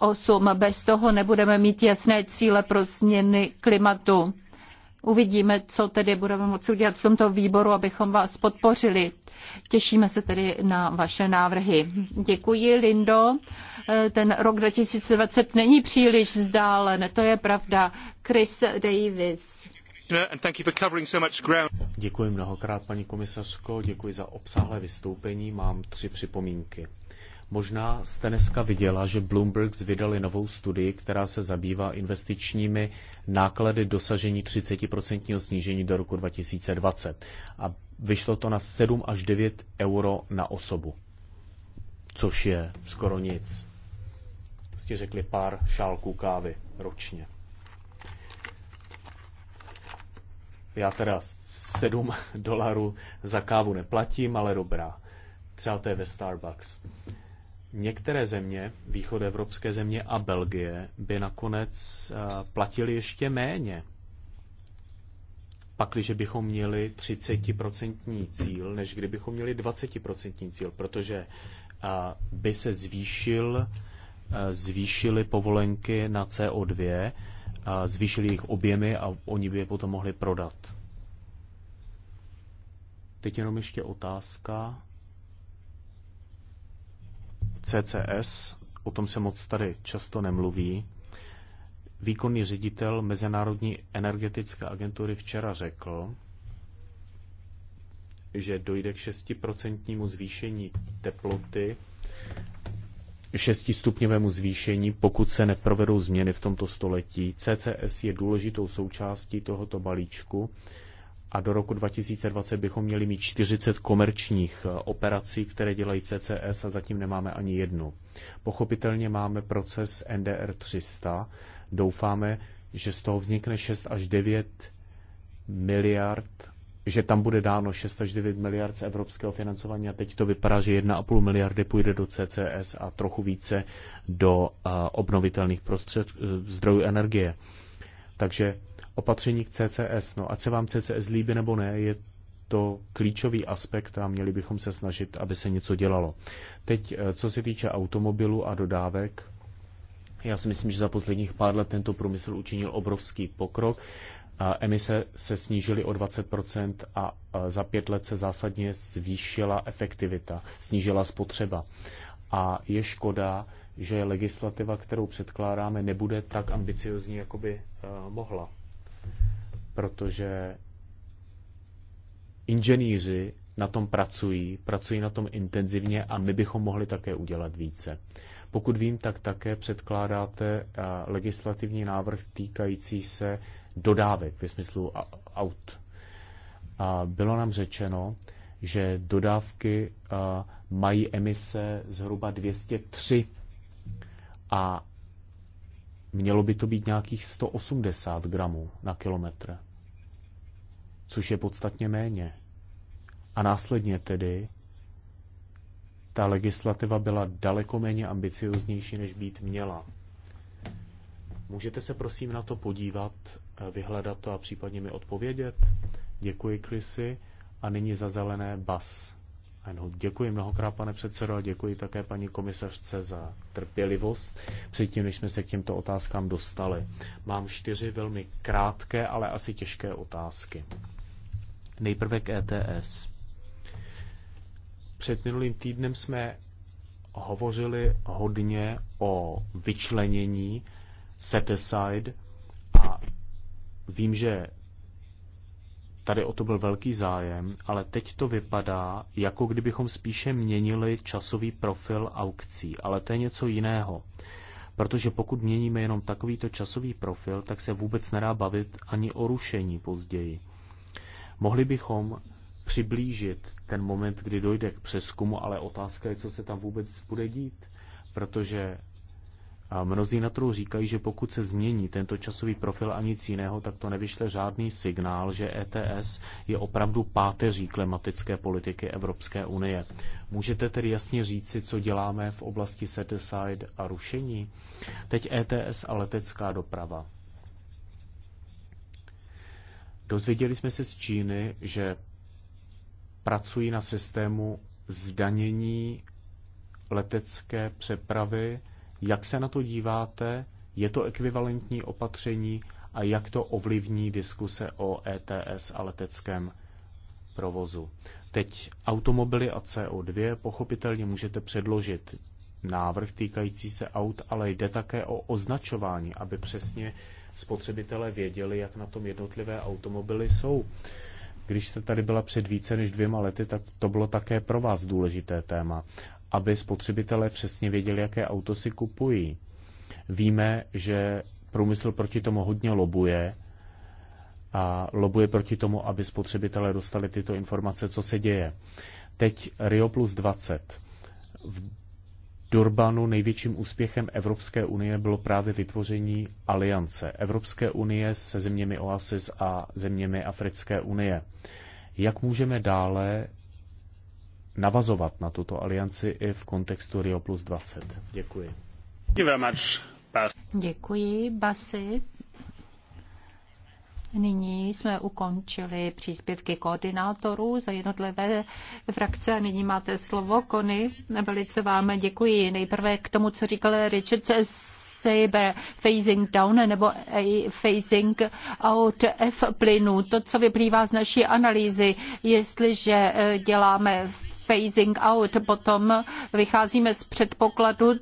8. Bez toho nebudeme mít jasné cíle pro změny klimatu. Uvidíme, co tedy budeme moci udělat v tomto výboru, abychom vás podpořili. Těšíme se tedy na vaše návrhy. Děkuji, Lindo. Eh, ten rok 2020 není příliš vzdálen, to je pravda. Chris Davis. Děkuji mnohokrát, paní komisařko, děkuji za obsáhlé vystoupení. Mám tři připomínky. Možná jste dneska viděla, že Bloomberg vydali novou studii, která se zabývá investičními náklady dosažení 30% snížení do roku 2020. A vyšlo to na 7 až 9 euro na osobu, což je skoro nic. Prostě řekli pár šálků kávy ročně. Já teda 7 dolarů za kávu neplatím, ale dobrá. Třeba to je ve Starbucks. Některé země, východoevropské země a Belgie, by nakonec eh, platili ještě méně. Pakliže bychom měli 30% cíl, než kdybychom měli 20% cíl, protože eh, by se zvýšil, eh, zvýšily povolenky na CO2, zvýšili jejich objemy a oni by je potom mohli prodat. Teď jenom ještě otázka CCS, o tom se moc tady často nemluví. Výkonný ředitel Mezinárodní energetické agentury včera řekl, že dojde k 6% zvýšení teploty 6-stupňovému zvýšení, pokud se neprovedou změny v tomto století. CCS je důležitou součástí tohoto balíčku a do roku 2020 bychom měli mít 40 komerčních eh, operací, které dělají CCS a zatím nemáme ani jednu. Pochopitelně máme proces NDR 300. Doufáme, že z toho vznikne 6 až 9 miliard že tam bude dáno 6 až 9 miliard z evropského financování a teď to vypadá, že 1,5 miliardy půjde do CCS a trochu více do eh, obnovitelných prostřed, eh, zdrojů energie. Takže opatření k CCS. No, ať se vám CCS líbí nebo ne, je to klíčový aspekt a měli bychom se snažit, aby se něco dělalo. Teď, eh, co se týče automobilu a dodávek, já si myslím, že za posledních pár let tento průmysl učinil obrovský pokrok. Emise se snížily o 20% a eh, za pět let se zásadně zvýšila efektivita, snížila spotřeba. A je škoda, že legislativa, kterou předkládáme, nebude tak ambiciozní, jako by eh, mohla protože inženýři na tom pracují, pracují na tom intenzivně a my bychom mohli také udělat více. Pokud vím, tak také předkládáte eh, legislativní návrh týkající se dodávek ve smyslu aut. Bylo nám řečeno, že dodávky eh, mají emise zhruba 203 a mělo by to být nějakých 180 gramů na kilometr což je podstatně méně. A následně tedy ta legislativa byla daleko méně ambicioznější, než být měla. Můžete se prosím na to podívat, eh, vyhledat to a případně mi odpovědět? Děkuji, Klisy. A nyní za zelené bas. Ano, děkuji mnohokrát, pane předsedo, a děkuji také paní komisařce za trpělivost předtím, než jsme se k těmto otázkám dostali. Mám čtyři velmi krátké, ale asi těžké otázky. Nejprve k ETS. Před minulým týdnem jsme hovořili hodně o vyčlenění set aside a vím, že tady o to byl velký zájem, ale teď to vypadá, jako kdybychom spíše měnili časový profil aukcí, ale to je něco jiného. Protože pokud měníme jenom takovýto časový profil, tak se vůbec nedá bavit ani o rušení později. Mohli bychom přiblížit ten moment, kdy dojde k přeskumu, ale otázka je, co se tam vůbec bude dít, protože mnozí na trhu říkají, že pokud se změní tento časový profil a nic jiného, tak to nevyšle žádný signál, že ETS je opravdu páteří klimatické politiky Evropské unie. Můžete tedy jasně říci, co děláme v oblasti set aside a rušení? Teď ETS a letecká doprava. Dozvěděli jsme se z Číny, že pracují na systému zdanění letecké přepravy. Jak se na to díváte? Je to ekvivalentní opatření a jak to ovlivní diskuse o ETS a leteckém provozu? Teď automobily a CO2 pochopitelně můžete předložit návrh týkající se aut, ale jde také o označování, aby přesně spotřebitelé věděli, jak na tom jednotlivé automobily jsou. Když jste tady byla před více než dvěma lety, tak to bylo také pro vás důležité téma, aby spotřebitelé přesně věděli, jaké auto si kupují. Víme, že průmysl proti tomu hodně lobuje a lobuje proti tomu, aby spotřebitelé dostali tyto informace, co se děje. Teď Rio plus 20. V Durbanu největším úspěchem Evropské unie bylo právě vytvoření aliance Evropské unie se zeměmi OASIS a zeměmi Africké unie. Jak můžeme dále navazovat na tuto alianci i v kontextu Rio plus 20? Děkuji. Děkuji, Basi. Nyní jsme ukončili příspěvky koordinátorů za jednotlivé frakce nyní máte slovo, Kony. Velice vám děkuji. Nejprve k tomu, co říkal Richard Saber, phasing down nebo a phasing out F plynu. To, co vyplývá z naší analýzy, jestliže eh, děláme phasing out. Potom vycházíme z předpokladu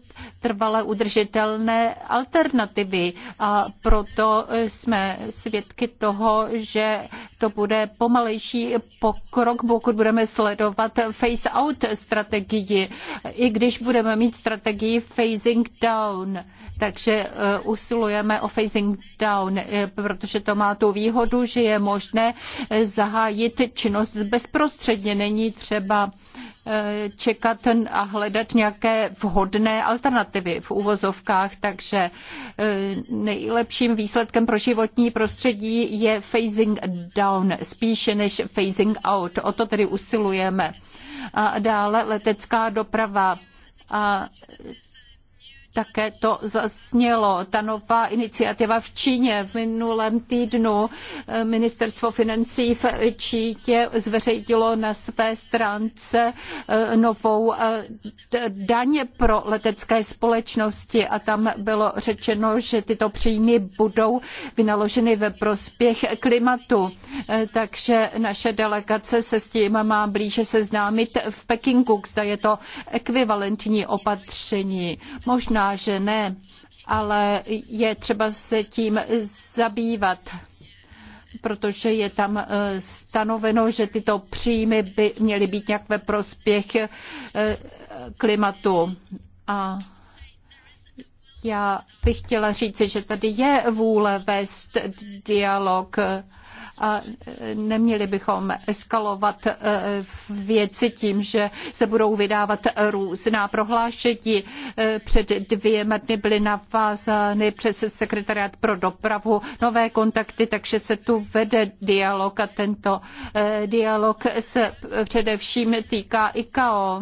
trvale udržitelné alternativy a proto jsme svědky toho, že to bude pomalejší pokrok, pokud budeme sledovat phase out strategii, i když budeme mít strategii phasing down. Takže eh, usilujeme o phasing down, eh, protože to má tu výhodu, že je možné eh, zahájit činnost bezprostředně. Není třeba čekat a hledat nějaké vhodné alternativy v uvozovkách, takže eh, nejlepším výsledkem pro životní prostředí je phasing down spíše než phasing out. O to tedy usilujeme. A dále letecká doprava. A také to zaznělo. Ta nová iniciativa v Číně v minulém týdnu eh, ministerstvo financí v Číně zveřejnilo na své stránce eh, novou eh, daň pro letecké společnosti a tam bylo řečeno, že tyto příjmy budou vynaloženy ve prospěch klimatu. Takže naše delegace se s tím má blíže seznámit v Pekingu, zda je to ekvivalentní opatření. Možná že ne, ale je třeba se tím zabývat protože je tam eh, stanoveno, že tyto příjmy by měly být nějak ve prospěch eh, klimatu. A já bych chtěla říci, že tady je vůle vést dialog a e, neměli bychom eskalovat e, věci tím, že se budou vydávat různá prohlášení. E, před dvěma dny byly navázány přes sekretariát pro dopravu nové kontakty, takže se tu vede dialog a tento dialog se především týká ICAO.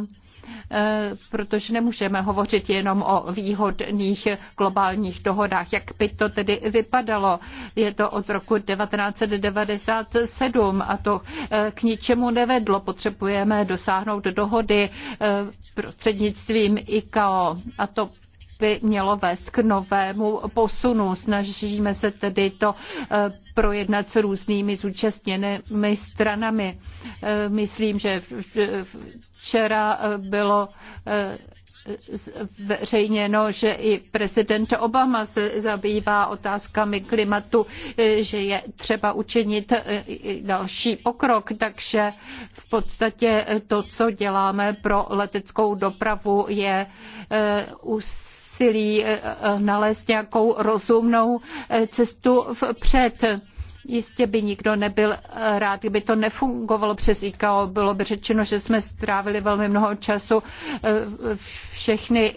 Eh, protože nemůžeme hovořit jenom o výhodných globálních dohodách. Jak by to tedy vypadalo? Je to od roku 1997 a to eh, k ničemu nevedlo. Potřebujeme dosáhnout dohody eh, prostřednictvím ICAO a to by mělo vést k novému posunu. Snažíme se tedy to eh, projednat s různými zúčastněnými stranami. Eh, myslím, že včera eh, bylo zveřejněno, že i prezident Obama se zabývá otázkami klimatu, že je třeba učinit další pokrok, takže v podstatě to, co děláme pro leteckou dopravu, je úsilí úsilí eh, eh, nalézt nějakou rozumnou eh, cestu vpřed. Jistě by nikdo nebyl rád, kdyby to nefungovalo přes ICAO. Bylo by řečeno, že jsme strávili velmi mnoho času. Všechny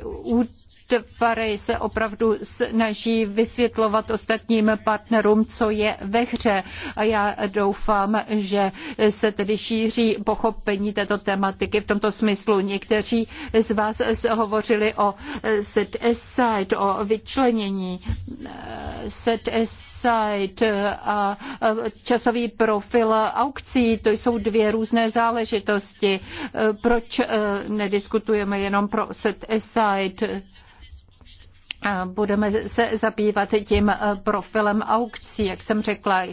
Tvary se opravdu snaží vysvětlovat ostatním partnerům, co je ve hře. A já doufám, že se tedy šíří pochopení této tematiky v tomto smyslu. Někteří z vás hovořili o set aside, o vyčlenění set aside a časový profil aukcí. To jsou dvě různé záležitosti. Proč eh, nediskutujeme jenom pro set aside? Budeme se zabývat tím profilem aukcí, jak jsem řekla,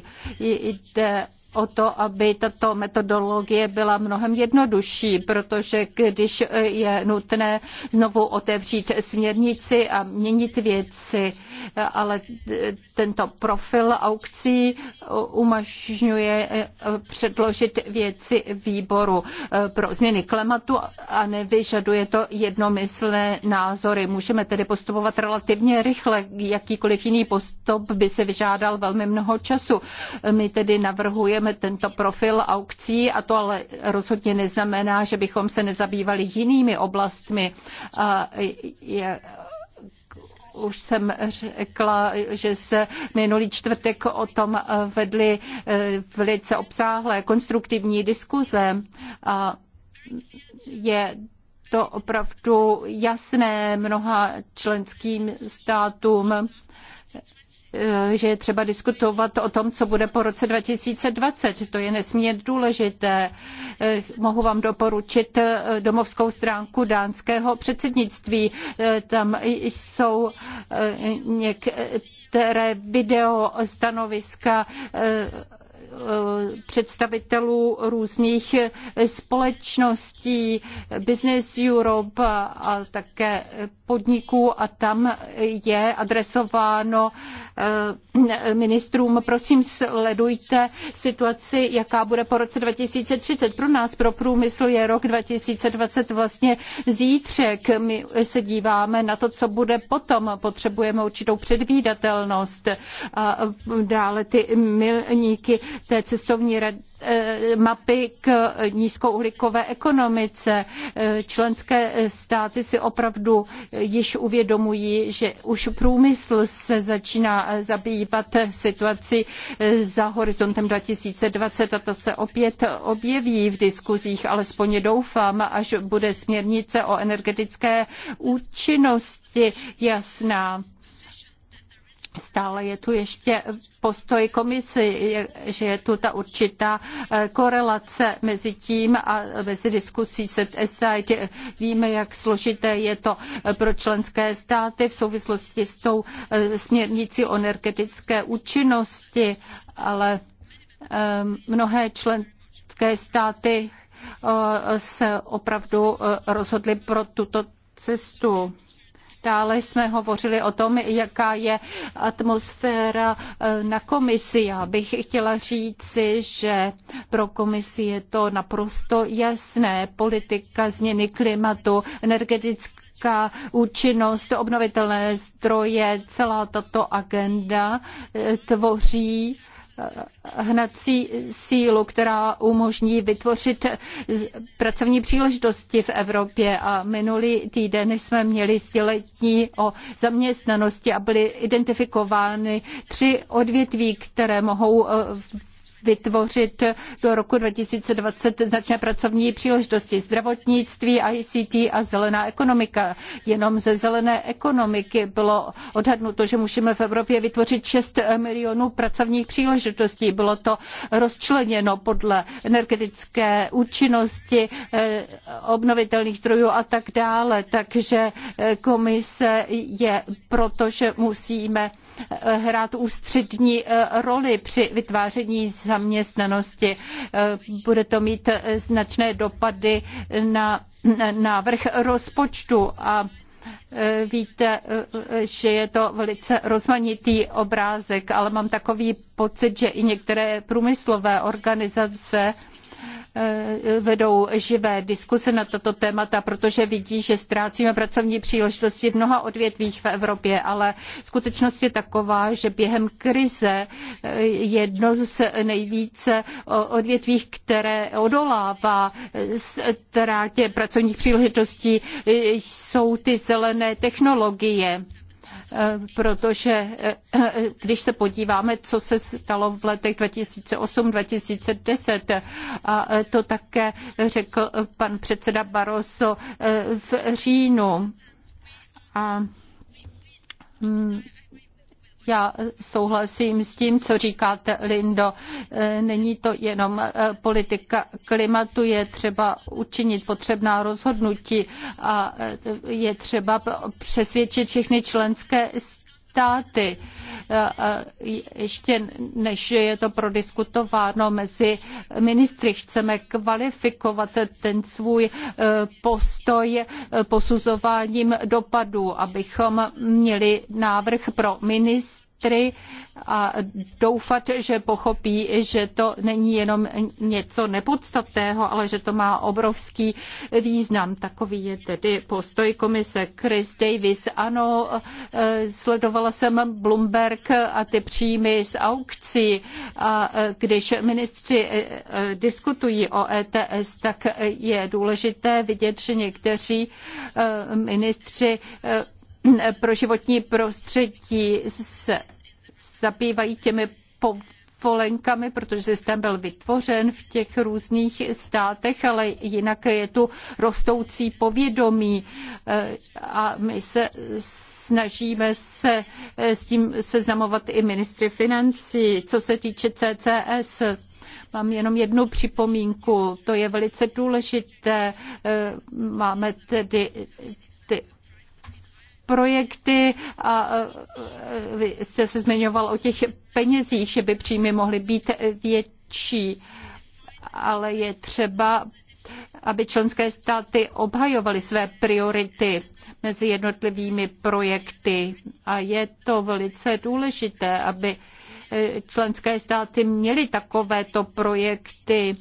jde o to, aby tato metodologie byla mnohem jednodušší, protože když je nutné znovu otevřít směrnici a měnit věci, ale tento profil aukcí umožňuje předložit věci výboru pro změny klimatu a nevyžaduje to jednomyslné názory. Můžeme tedy postupovat relativně rychle. Jakýkoliv jiný postup by se vyžádal velmi mnoho času. My tedy navrhujeme Vítáme tento profil aukcí a to ale rozhodně neznamená, že bychom se nezabývali jinými oblastmi. A je, už jsem řekla, že se minulý čtvrtek o tom vedly e, velice obsáhlé konstruktivní diskuze. A je to opravdu jasné mnoha členským státům Eh, že je třeba diskutovat o tom, co bude po roce 2020. To je nesmírně důležité. Eh, mohu vám doporučit eh, domovskou stránku dánského předsednictví. Tam jsou některé video stanoviska Eh, představitelů různých společností, Business Europe a také podniků a tam je adresováno eh, ministrům. Prosím, sledujte situaci, jaká bude po roce 2030. Pro nás, pro průmysl je rok 2020 vlastně zítřek. My se díváme na to, co bude potom. Potřebujeme určitou předvídatelnost a dále ty milníky té cestovní eh, mapy k nízkouhlíkové ekonomice. Eh, členské státy si opravdu již uvědomují, že už průmysl se začíná zabývat situaci eh, za horizontem 2020 a to se opět objeví v diskuzích, alespoň doufám, až bude směrnice o energetické účinnosti jasná Stále je tu ještě postoj komisy, že je tu ta určitá eh, korelace mezi tím a mezi diskusí se SID. Víme, jak složité je to eh, pro členské státy v souvislosti s tou eh, směrnicí o energetické účinnosti, ale ehm, mnohé členské státy se opravdu rozhodly pro tuto cestu. Dále jsme hovořili o tom, jaká je atmosféra eh, na komisi. Já bych chtěla říci, že pro komisi je to naprosto jasné. Politika změny klimatu, energetická energetická účinnost, obnovitelné zdroje, celá tato agenda eh, tvoří hnací sílu, která umožní vytvořit pracovní příležitosti v Evropě. A minulý týden jsme měli sdělení o zaměstnanosti a byly identifikovány tři odvětví, které mohou vytvořit do roku 2020 značné pracovní příležitosti. Zdravotnictví, ICT a zelená ekonomika. Jenom ze zelené ekonomiky bylo odhadnuto, že můžeme v Evropě vytvořit 6 milionů pracovních příležitostí. Bylo to rozčleněno podle energetické účinnosti, eh, obnovitelných zdrojů a tak dále. Takže eh, komise je proto, že musíme hrát ústřední eh, roli při vytváření zaměstnanosti. Eh, bude to mít eh, značné dopady na návrh rozpočtu a Víte, že je to velice rozmanitý obrázek, ale mám takový pocit, že i některé průmyslové organizace Eh, vedou živé diskuse na tato témata, protože vidí, že ztrácíme pracovní příležitosti v mnoha odvětvích v Evropě, ale skutečnost je taková, že během krize eh, jedno z nejvíce odvětví, které odolává eh, ztrátě pracovních příležitostí, jsou ty zelené technologie Eh, protože eh, když se podíváme, co se stalo v letech 2008-2010, a eh, to také řekl pan předseda Barroso v říjnu. A hm, já souhlasím s tím, co říkáte, Lindo. E, není to jenom e, politika klimatu, je třeba učinit potřebná rozhodnutí a e, je třeba přesvědčit všechny členské státy státy. E, e, ještě než je to prodiskutováno mezi ministry, chceme kvalifikovat ten svůj e, postoj posuzováním dopadů, abychom měli návrh pro ministry ministry a doufat, že pochopí, že to není jenom něco nepodstatného, ale že to má obrovský význam. Takový je tedy postoj komise Chris Davis. Ano, eh, sledovala jsem Bloomberg a ty příjmy z aukcí a eh, když ministři eh, diskutují o ETS, tak je důležité vidět, že někteří ministři pro životní prostředí se zabývají těmi povolenkami, protože systém byl vytvořen v těch různých státech, ale jinak je tu rostoucí povědomí eh, a my se snažíme se eh, s tím seznamovat i ministry financí. Co se týče CCS, Mám jenom jednu připomínku, to je velice důležité. Eh, máme tedy projekty a vy jste se zmiňoval o těch penězích, že by příjmy mohly být větší, ale je třeba, aby členské státy obhajovaly své priority mezi jednotlivými projekty a je to velice důležité, aby e, členské státy měly takovéto projekty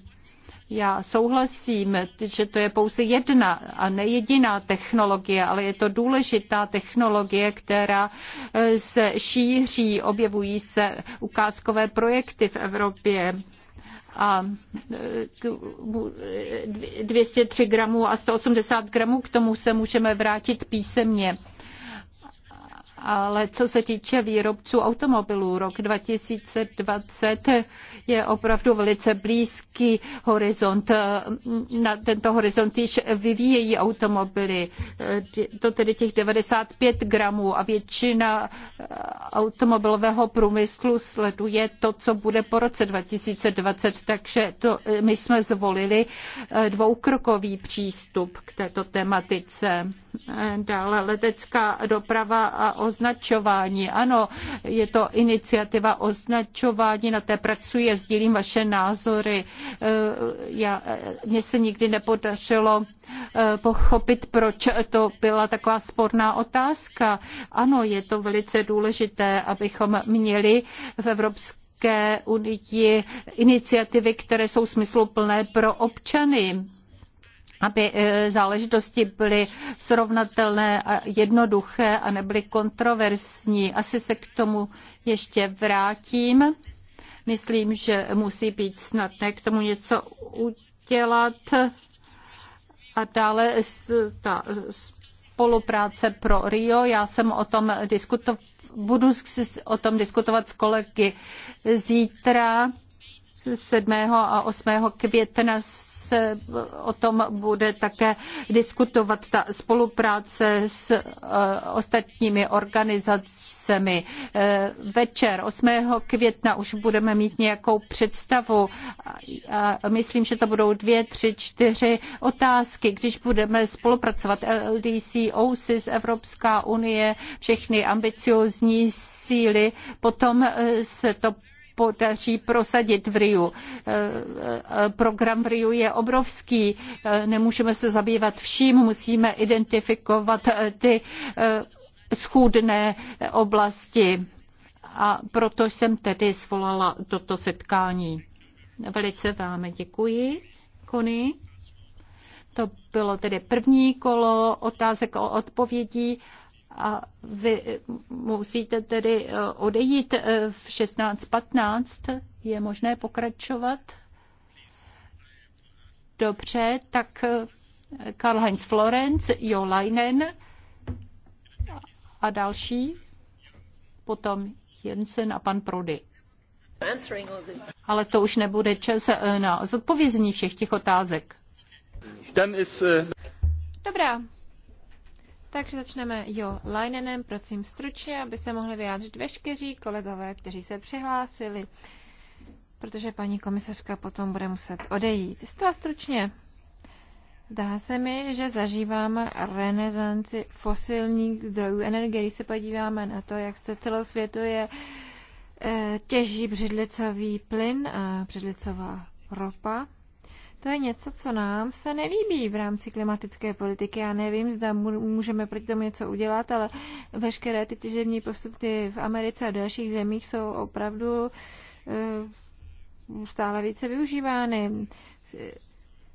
já souhlasím, že to je pouze jedna a ne jediná technologie, ale je to důležitá technologie, která eh, se šíří, objevují se ukázkové projekty v Evropě a 203 eh, gramů a 180 gramů, k tomu se můžeme vrátit písemně. Ale co se týče výrobců automobilů, rok 2020 je opravdu velice blízký horizont. Na tento horizont již vyvíjejí automobily. To tedy těch 95 gramů a většina automobilového průmyslu sleduje to, co bude po roce 2020. Takže to, my jsme zvolili dvoukrokový přístup k této tematice. Dále letecká doprava a označování. Ano, je to iniciativa označování, na té pracuji, sdílím vaše názory. Eh, já, eh, mně se nikdy nepodařilo eh, pochopit, proč to byla taková sporná otázka. Ano, je to velice důležité, abychom měli v Evropské unii iniciativy, které jsou smysluplné pro občany aby e, záležitosti byly srovnatelné a jednoduché a nebyly kontroverzní. Asi se k tomu ještě vrátím. Myslím, že musí být snadné k tomu něco udělat. A dále ta spolupráce pro Rio. Já jsem o tom diskutoval budu o tom diskutovat s kolegy zítra 7. a 8. května se o tom bude také diskutovat ta spolupráce s e, ostatními organizacemi. E, večer 8. května už budeme mít nějakou představu. Myslím, že to budou dvě, tři, čtyři otázky, když budeme spolupracovat LDC, OSIS, Evropská unie, všechny ambiciozní síly, potom e, se to podaří prosadit v Riu. Program v Riu je obrovský, nemůžeme se zabývat vším, musíme identifikovat ty schůdné oblasti. A proto jsem tedy svolala toto setkání. Velice vám děkuji, Kony. To bylo tedy první kolo otázek o odpovědí a vy musíte tedy eh, odejít eh, v 16.15. Je možné pokračovat? Dobře, tak eh, Karl-Heinz Florenz, Jo Leinen a další, potom Jensen a pan Prody. Ale to už nebude čas na zodpovězení všech těch otázek. Dobrá, takže začneme Jo Leinenem, prosím stručně, aby se mohli vyjádřit veškeří kolegové, kteří se přihlásili, protože paní komisařka potom bude muset odejít. Zcela stručně. Zdá se mi, že zažíváme renesanci fosilních zdrojů energie. Když se podíváme na to, jak se celosvětuje eh, těží břidlicový plyn a břidlicová ropa, to je něco, co nám se nelíbí v rámci klimatické politiky. Já nevím, zda můžeme proti tomu něco udělat, ale veškeré ty těžební postupy v Americe a dalších zemích jsou opravdu eh, stále více využívány.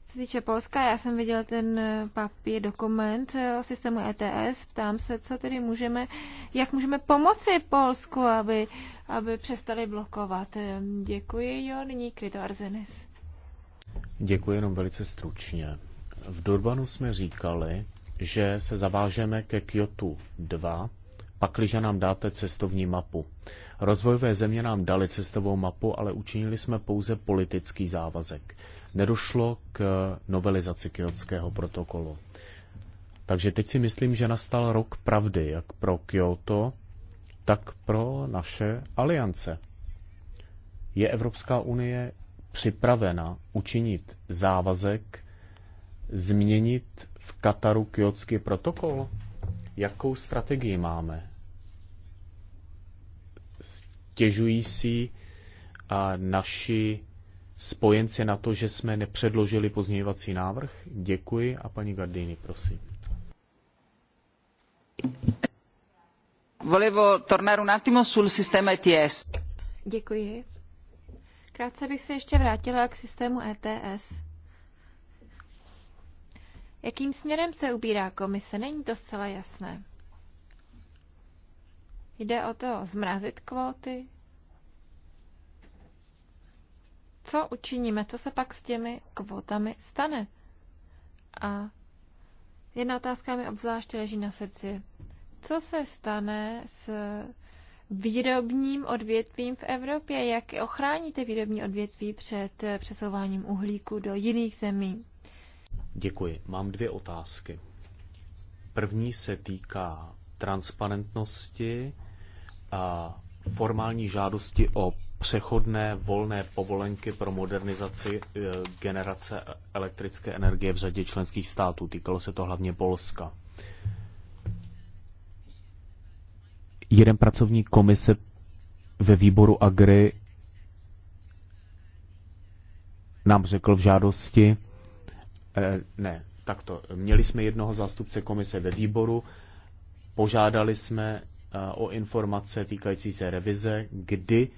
Co se týče Polska, já jsem viděl ten papír, dokument eh, o systému ETS. Ptám se, co tedy můžeme, jak můžeme pomoci Polsku, aby, aby přestali blokovat. Děkuji, jo, nyní Kryto Arzenis. Děkuji jenom velice stručně. V Durbanu jsme říkali, že se zavážeme ke Kyoto 2, pakliže nám dáte cestovní mapu. Rozvojové země nám dali cestovou mapu, ale učinili jsme pouze politický závazek. Nedošlo k novelizaci kyotského protokolu. Takže teď si myslím, že nastal rok pravdy, jak pro Kyoto, tak pro naše aliance. Je Evropská unie připravena učinit závazek změnit v Kataru kyotský protokol? Jakou strategii máme? Stěžují si a naši spojenci na to, že jsme nepředložili pozměňovací návrh? Děkuji a paní Gardini, prosím. Volevo tornare un attimo sul sistema ETS. Děkuji. Krátce bych se ještě vrátila k systému ETS. Jakým směrem se ubírá komise, není to zcela jasné. Jde o to zmrazit kvóty? Co učiníme? Co se pak s těmi kvótami stane? A jedna otázka mi obzvláště leží na srdci. Co se stane s výrobním odvětvím v Evropě. Jak ochráníte výrobní odvětví před eh, přesouváním uhlíku do jiných zemí? Děkuji. Mám dvě otázky. První se týká transparentnosti a formální žádosti o přechodné volné povolenky pro modernizaci eh, generace elektrické energie v řadě členských států. Týkalo se to hlavně Polska jeden pracovník komise ve výboru Agri nám řekl v žádosti, eh, ne, takto, měli jsme jednoho zástupce komise ve výboru, požádali jsme eh, o informace týkající se revize, kdy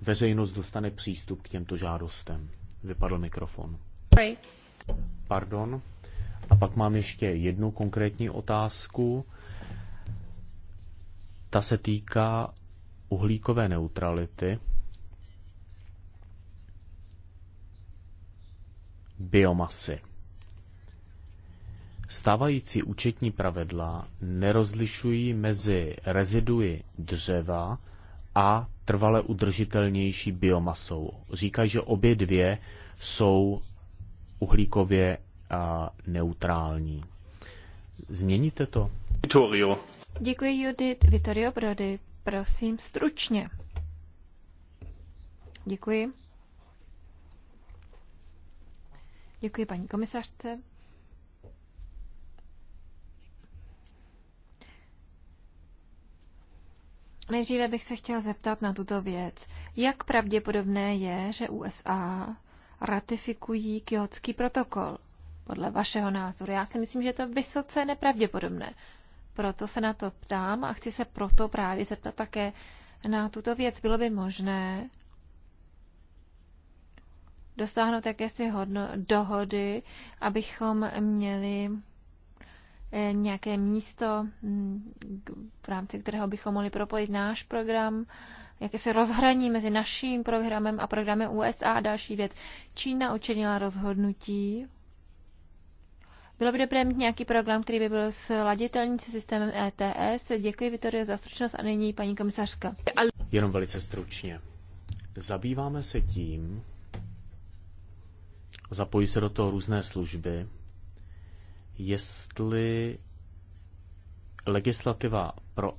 veřejnost dostane přístup k těmto žádostem. Vypadl mikrofon. Pardon. A pak mám ještě jednu konkrétní otázku. Ta se týká uhlíkové neutrality, biomasy. Stávající účetní pravidla nerozlišují mezi reziduji dřeva a trvale udržitelnější biomasou. Říkají, že obě dvě jsou uhlíkově neutrální. Změníte to? Děkuji Judith. Vittorio Brody, prosím stručně. Děkuji. Děkuji paní komisařce. Nejdříve bych se chtěla zeptat na tuto věc. Jak pravděpodobné je, že USA ratifikují kyotský protokol? Podle vašeho názoru. Já si myslím, že je to vysoce nepravděpodobné. Proto se na to ptám a chci se proto právě zeptat také na tuto věc. Bylo by možné dosáhnout jakési hodno, dohody, abychom měli eh, nějaké místo, mm, v rámci kterého bychom mohli propojit náš program, jaké se rozhraní mezi naším programem a programem USA a další věc. Čína učinila rozhodnutí bylo by dobré mít nějaký program, který by byl sladitelný se systémem ETS. Děkuji, Vitorio, za stručnost a nyní paní komisařka. Jenom velice stručně. Zabýváme se tím, zapojí se do toho různé služby, jestli legislativa pro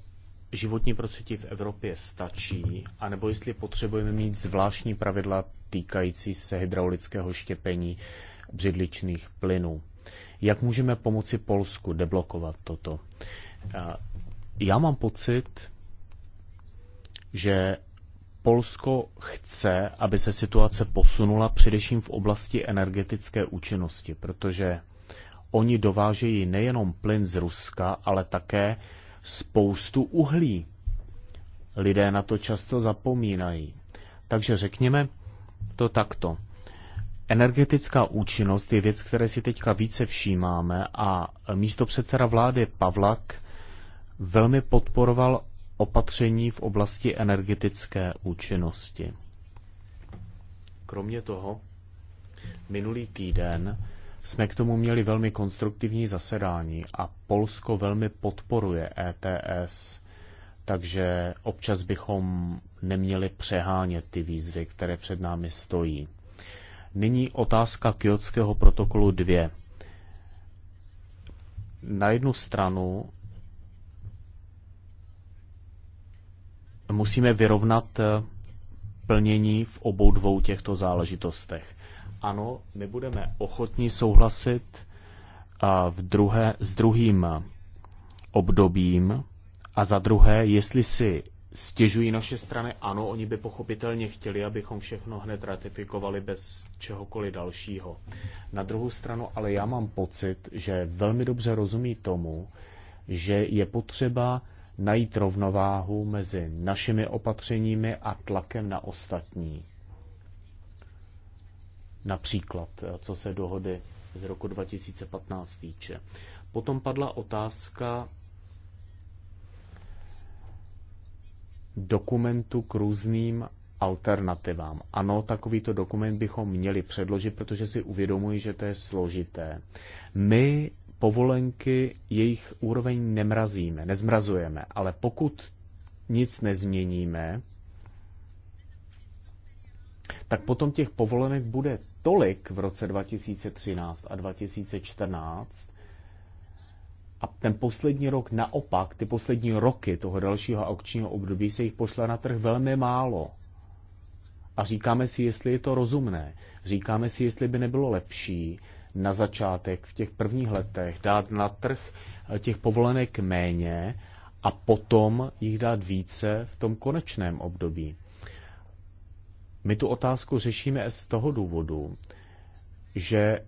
životní prostředí v Evropě stačí, anebo jestli potřebujeme mít zvláštní pravidla týkající se hydraulického štěpení břidličných plynů. Jak můžeme pomoci Polsku deblokovat toto? Já mám pocit, že Polsko chce, aby se situace posunula především v oblasti energetické účinnosti, protože oni dovážejí nejenom plyn z Ruska, ale také spoustu uhlí. Lidé na to často zapomínají. Takže řekněme to takto. Energetická účinnost je věc, které si teďka více všímáme a místo předseda vlády Pavlak velmi podporoval opatření v oblasti energetické účinnosti. Kromě toho, minulý týden jsme k tomu měli velmi konstruktivní zasedání a Polsko velmi podporuje ETS, takže občas bychom neměli přehánět ty výzvy, které před námi stojí. Nyní otázka Kyotského protokolu 2. Na jednu stranu musíme vyrovnat eh, plnění v obou dvou těchto záležitostech. Ano, my budeme ochotní souhlasit v druhé, s druhým obdobím a za druhé, jestli si stěžují naše strany. Ano, oni by pochopitelně chtěli, abychom všechno hned ratifikovali bez čehokoliv dalšího. Na druhou stranu, ale já mám pocit, že velmi dobře rozumí tomu, že je potřeba najít rovnováhu mezi našimi opatřeními a tlakem na ostatní. Například, eh, co se dohody z roku 2015 týče. Potom padla otázka dokumentu k různým alternativám. Ano, takovýto dokument bychom měli předložit, protože si uvědomuji, že to je složité. My povolenky, jejich úroveň nemrazíme, nezmrazujeme, ale pokud nic nezměníme, tak potom těch povolenek bude tolik v roce 2013 a 2014, a ten poslední rok naopak, ty poslední roky toho dalšího aukčního období se jich pošle na trh velmi málo. A říkáme si, jestli je to rozumné. Říkáme si, jestli by nebylo lepší na začátek, v těch prvních letech, dát na trh eh, těch povolenek méně a potom jich dát více v tom konečném období. My tu otázku řešíme z toho důvodu, že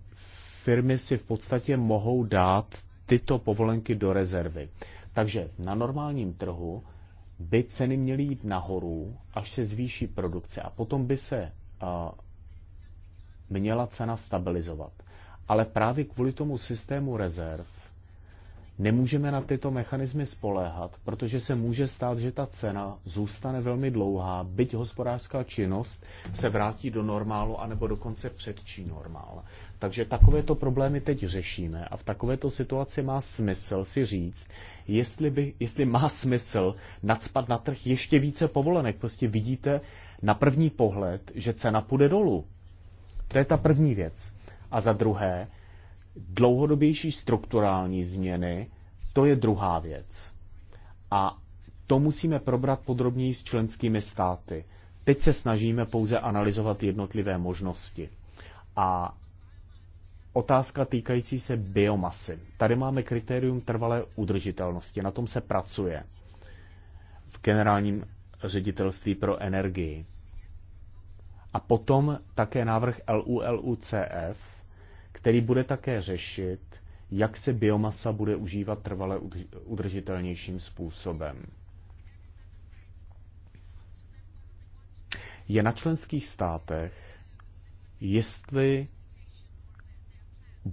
firmy si v podstatě mohou dát tyto povolenky do rezervy. Takže na normálním trhu by ceny měly jít nahoru, až se zvýší produkce a potom by se měla cena stabilizovat. Ale právě kvůli tomu systému rezerv Nemůžeme na tyto mechanismy spoléhat, protože se může stát, že ta cena zůstane velmi dlouhá, byť hospodářská činnost se vrátí do normálu anebo dokonce předčí normál. Takže takovéto problémy teď řešíme a v takovéto situaci má smysl si říct, jestli, by, jestli má smysl nadspat na trh ještě více povolenek. Prostě vidíte na první pohled, že cena půjde dolů. To je ta první věc. A za druhé, dlouhodobější strukturální změny, to je druhá věc. A to musíme probrat podrobněji s členskými státy. Teď se snažíme pouze analyzovat jednotlivé možnosti. A otázka týkající se biomasy. Tady máme kritérium trvalé udržitelnosti, na tom se pracuje v generálním ředitelství pro energii. A potom také návrh LULUCF, který bude také řešit, jak se biomasa bude užívat trvale udržitelnějším způsobem. Je na členských státech, jestli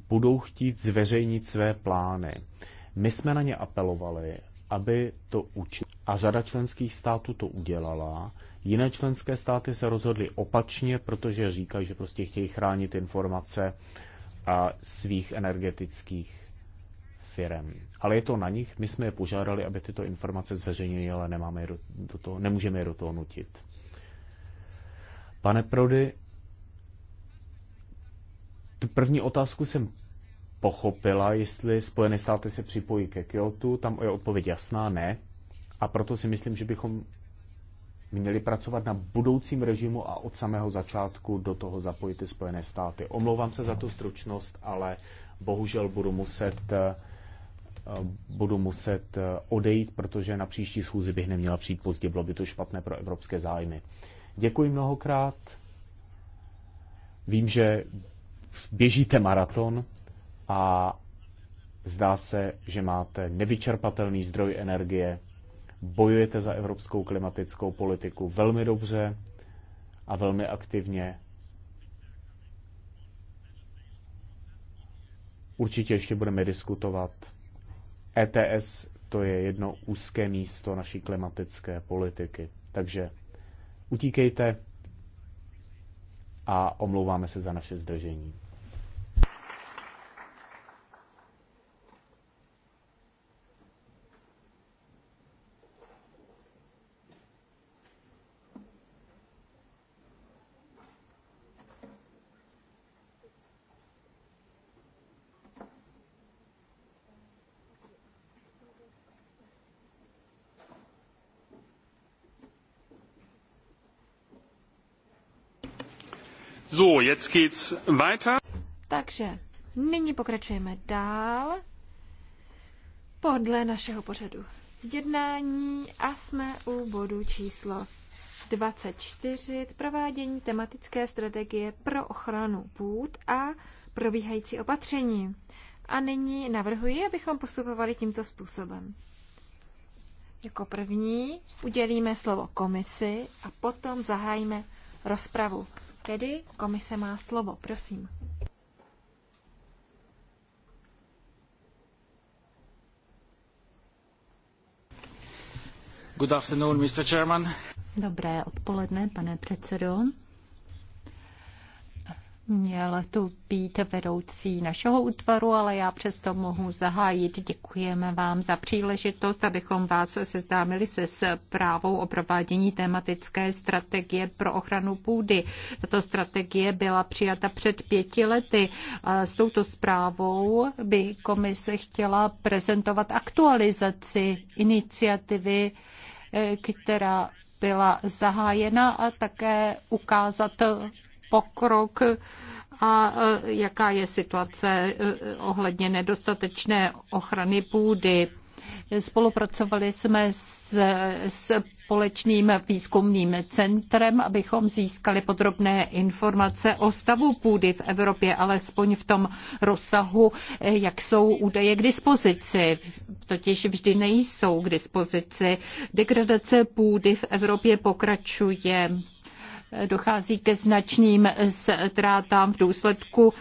budou chtít zveřejnit své plány. My jsme na ně apelovali, aby to učili. A řada členských států to udělala. Jiné členské státy se rozhodly opačně, protože říkají, že prostě chtějí chránit informace a svých energetických firm. Ale je to na nich, my jsme je požádali, aby tyto informace zveřejnili, ale nemáme do, do toho, nemůžeme je do toho nutit. Pane Prody, tu první otázku jsem pochopila, jestli Spojené státy se připojí ke Kyoto, tam je odpověď jasná, ne. A proto si myslím, že bychom měli pracovat na budoucím režimu a od samého začátku do toho zapojit ty Spojené státy. Omlouvám se za tu stručnost, ale bohužel budu muset eh, budu muset eh, odejít, protože na příští schůzi bych neměla přijít pozdě, bylo by to špatné pro evropské zájmy. Děkuji mnohokrát. Vím, že běžíte maraton a zdá se, že máte nevyčerpatelný zdroj energie bojujete za evropskou klimatickou politiku velmi dobře a velmi aktivně. Určitě ještě budeme diskutovat. ETS to je jedno úzké místo naší klimatické politiky. Takže utíkejte a omlouváme se za naše zdržení. So, jetzt geht's weiter. Takže nyní pokračujeme dál podle našeho pořadu jednání a jsme u bodu číslo 24, provádění tematické strategie pro ochranu půd a probíhající opatření. A nyní navrhuji, abychom postupovali tímto způsobem. Jako první udělíme slovo komisi a potom zahájíme rozpravu tedy komise má slovo, prosím. Good afternoon, Mr. Chairman. Dobré odpoledne, pane předsedo měl tu být vedoucí našeho útvaru, ale já přesto mohu zahájit. Děkujeme vám za příležitost, abychom vás seznámili se zprávou o provádění tematické strategie pro ochranu půdy. Tato strategie byla přijata před pěti lety. S touto zprávou by komise chtěla prezentovat aktualizaci iniciativy, eh, která byla zahájena a také ukázat pokrok a e, jaká je situace e, ohledně nedostatečné ochrany půdy. Spolupracovali jsme s, s společným výzkumným centrem, abychom získali podrobné informace o stavu půdy v Evropě, alespoň v tom rozsahu, e, jak jsou údaje k dispozici. Totiž vždy nejsou k dispozici. Degradace půdy v Evropě pokračuje dochází ke značným ztrátám v důsledku eh,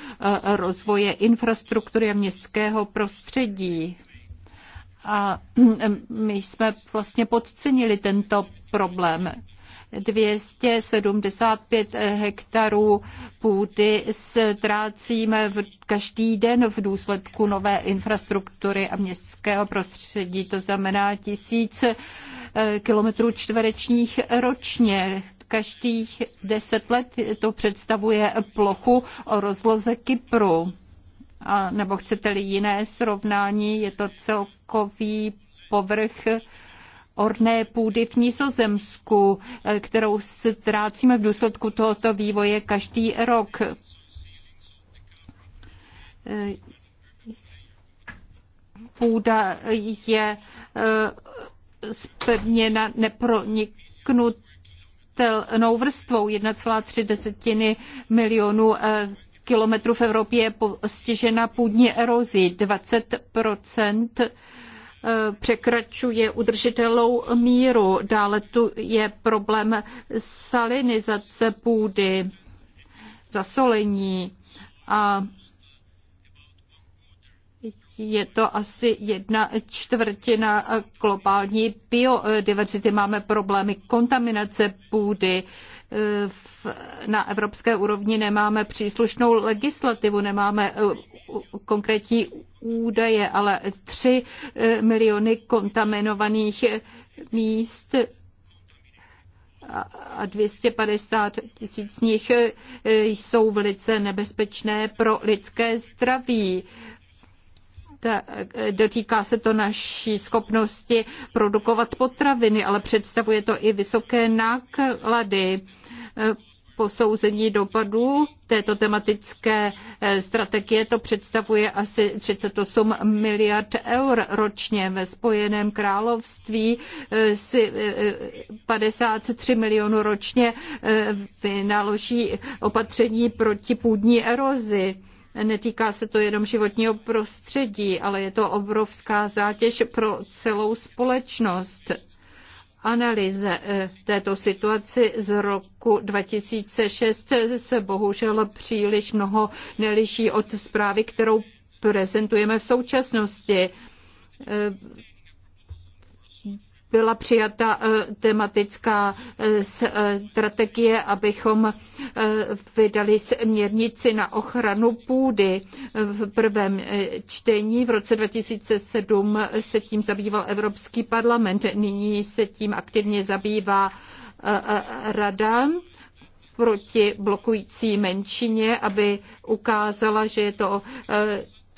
rozvoje infrastruktury a městského prostředí. A eh, my jsme vlastně podcenili tento problém. 275 hektarů půdy ztrácíme v každý den v důsledku nové infrastruktury a městského prostředí. To znamená tisíc eh, kilometrů čtverečních ročně, každých deset let to představuje plochu o rozloze Kypru. A, nebo chcete-li jiné srovnání, je to celkový povrch orné půdy v Nizozemsku, kterou ztrácíme v důsledku tohoto vývoje každý rok. Půda je spevněna eh, neproniknutelnou zranitelnou vrstvou 1,3 milionů eh, kilometrů v Evropě je postižena půdní erozí. 20 eh, překračuje udržitelnou míru. Dále tu je problém salinizace půdy, zasolení a je to asi jedna čtvrtina globální biodiverzity. Máme problémy kontaminace půdy. na evropské úrovni nemáme příslušnou legislativu, nemáme eh, konkrétní údaje, ale tři eh, miliony kontaminovaných eh, míst a 250 tisíc z nich jsou velice nebezpečné pro lidské zdraví dotýká se to naší schopnosti produkovat potraviny, ale představuje to i vysoké náklady eh, posouzení dopadů této tematické eh, strategie to představuje asi 38 miliard eur ročně. Ve Spojeném království eh, si 53 milionů ročně vynaloží opatření proti půdní erozi. Netýká se to jenom životního prostředí, ale je to obrovská zátěž pro celou společnost. Analýze eh, této situaci z roku 2006 se bohužel příliš mnoho neliší od zprávy, kterou prezentujeme v současnosti eh, byla přijata eh, tematická eh, eh, strategie, abychom vydali směrnici na ochranu půdy. V prvém čtení v roce 2007 se tím zabýval Evropský parlament, nyní se tím aktivně zabývá Rada proti blokující menšině, aby ukázala, že je to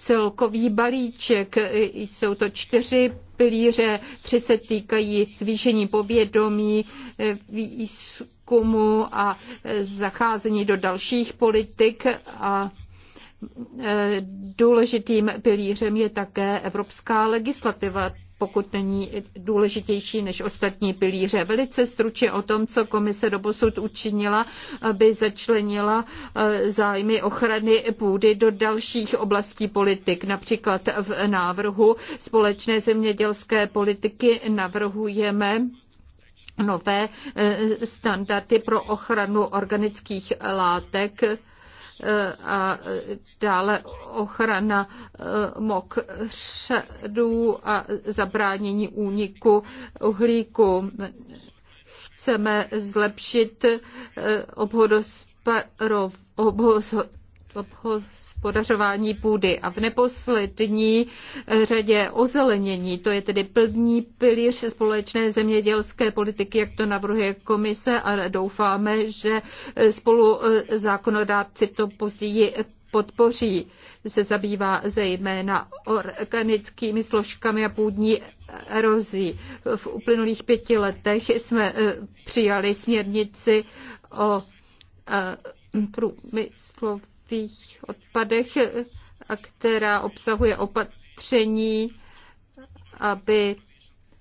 celkový balíček. Jsou to čtyři pilíře, tři se týkají zvýšení povědomí, výzkumu a zacházení do dalších politik a důležitým pilířem je také evropská legislativa pokud není důležitější než ostatní pilíře. Velice stručně o tom, co komise doposud učinila, aby začlenila eh, zájmy ochrany půdy do dalších oblastí politik. Například v návrhu společné zemědělské politiky navrhujeme nové eh, standardy pro ochranu organických látek Eh, a eh, dále ochrana eh, mokřadů a zabránění úniku uhlíku. Chceme zlepšit obhodospadování obhospodařování půdy a v neposlední řadě ozelenění, to je tedy první pilíř společné zemědělské politiky, jak to navrhuje komise a doufáme, že spolu eh, zákonodáci to později podpoří. Se zabývá zejména organickými složkami a půdní erozí. V uplynulých pěti letech jsme eh, přijali směrnici o eh, průmyslov plastových odpadech a která obsahuje opatření, aby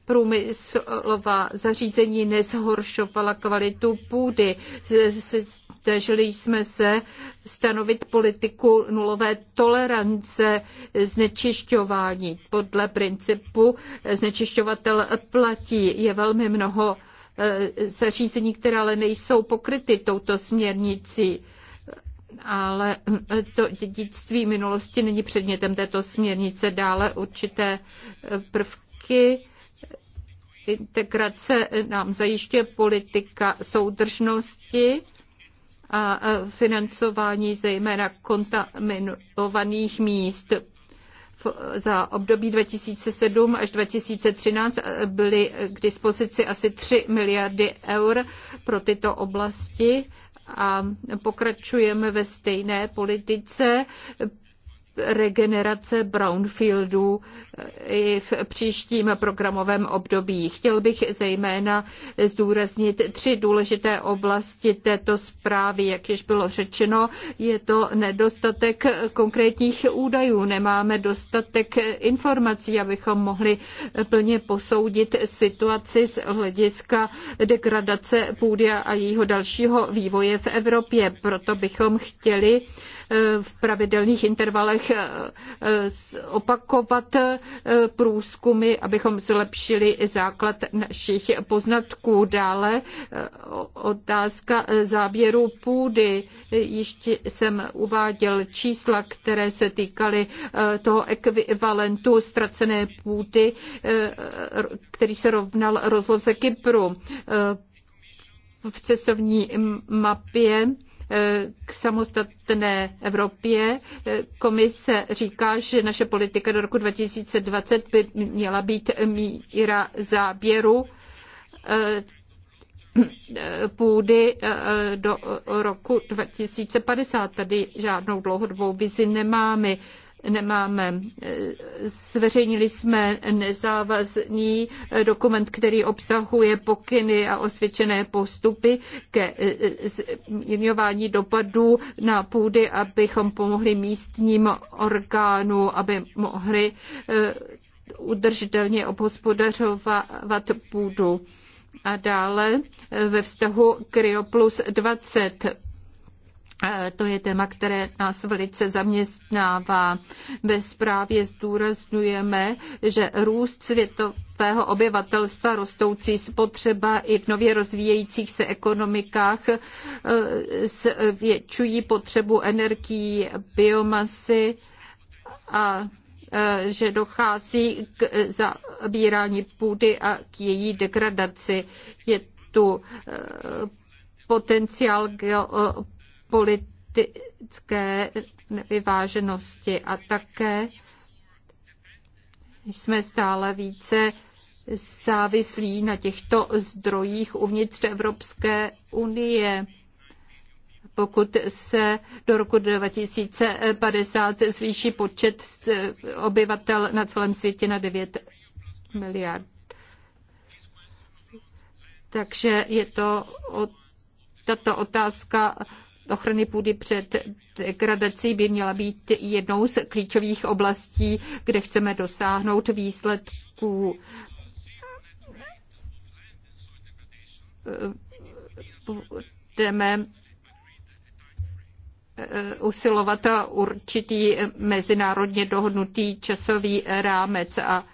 průmyslová zařízení nezhoršovala kvalitu půdy. Snažili jsme se stanovit politiku nulové tolerance znečišťování. Podle principu znečišťovatel platí. Je velmi mnoho eh, zařízení, která ale nejsou pokryty touto směrnicí ale eh, to dědictví minulosti není předmětem této směrnice. Dále určité eh, prvky integrace eh, nám zajišťuje politika soudržnosti a financování zejména kontaminovaných míst. Za období 2007 až 2013 byly k dispozici asi 3 miliardy eur pro tyto oblasti a pokračujeme ve stejné politice regenerace brownfieldů eh, i v příštím programovém období. Chtěl bych zejména zdůraznit tři důležité oblasti této zprávy. Jak již bylo řečeno, je to nedostatek konkrétních údajů. Nemáme dostatek informací, abychom mohli plně posoudit situaci z hlediska degradace půdy a jejího dalšího vývoje v Evropě. Proto bychom chtěli eh, v pravidelných intervalech Eh, opakovat eh, průzkumy, abychom zlepšili základ našich poznatků. Dále eh, otázka záběru půdy. Ještě jsem uváděl čísla, které se týkaly toho ekvivalentu ztracené půdy, který se rovnal rozloze Kypru. V cestovní mapě k samostatné Evropě. Komise říká, že naše politika do roku 2020 by měla být míra záběru eh, půdy eh, do roku 2050. Tady žádnou dlouhodobou vizi nemáme nemáme. Zveřejnili jsme nezávazný dokument, který obsahuje pokyny a osvědčené postupy ke zmírňování dopadů na půdy, abychom pomohli místním orgánům, aby mohli eh, udržitelně obhospodařovat půdu. A dále eh, ve vztahu Cryoplus 20 to je téma, které nás velice zaměstnává. Ve zprávě zdůrazňujeme, že růst světového obyvatelstva, rostoucí spotřeba i v nově rozvíjejících se ekonomikách e, zvětšují potřebu energií, biomasy a e, že dochází k zabírání půdy a k její degradaci. Je tu e, potenciál politické nevyváženosti a také jsme stále více závislí na těchto zdrojích uvnitř Evropské unie. Pokud se do roku 2050 zvýší počet obyvatel na celém světě na 9 miliard. Takže je to tato otázka ochrany půdy před degradací by měla být jednou z klíčových oblastí, kde chceme dosáhnout výsledků budeme eh, usilovat o určitý mezinárodně dohodnutý časový rámec a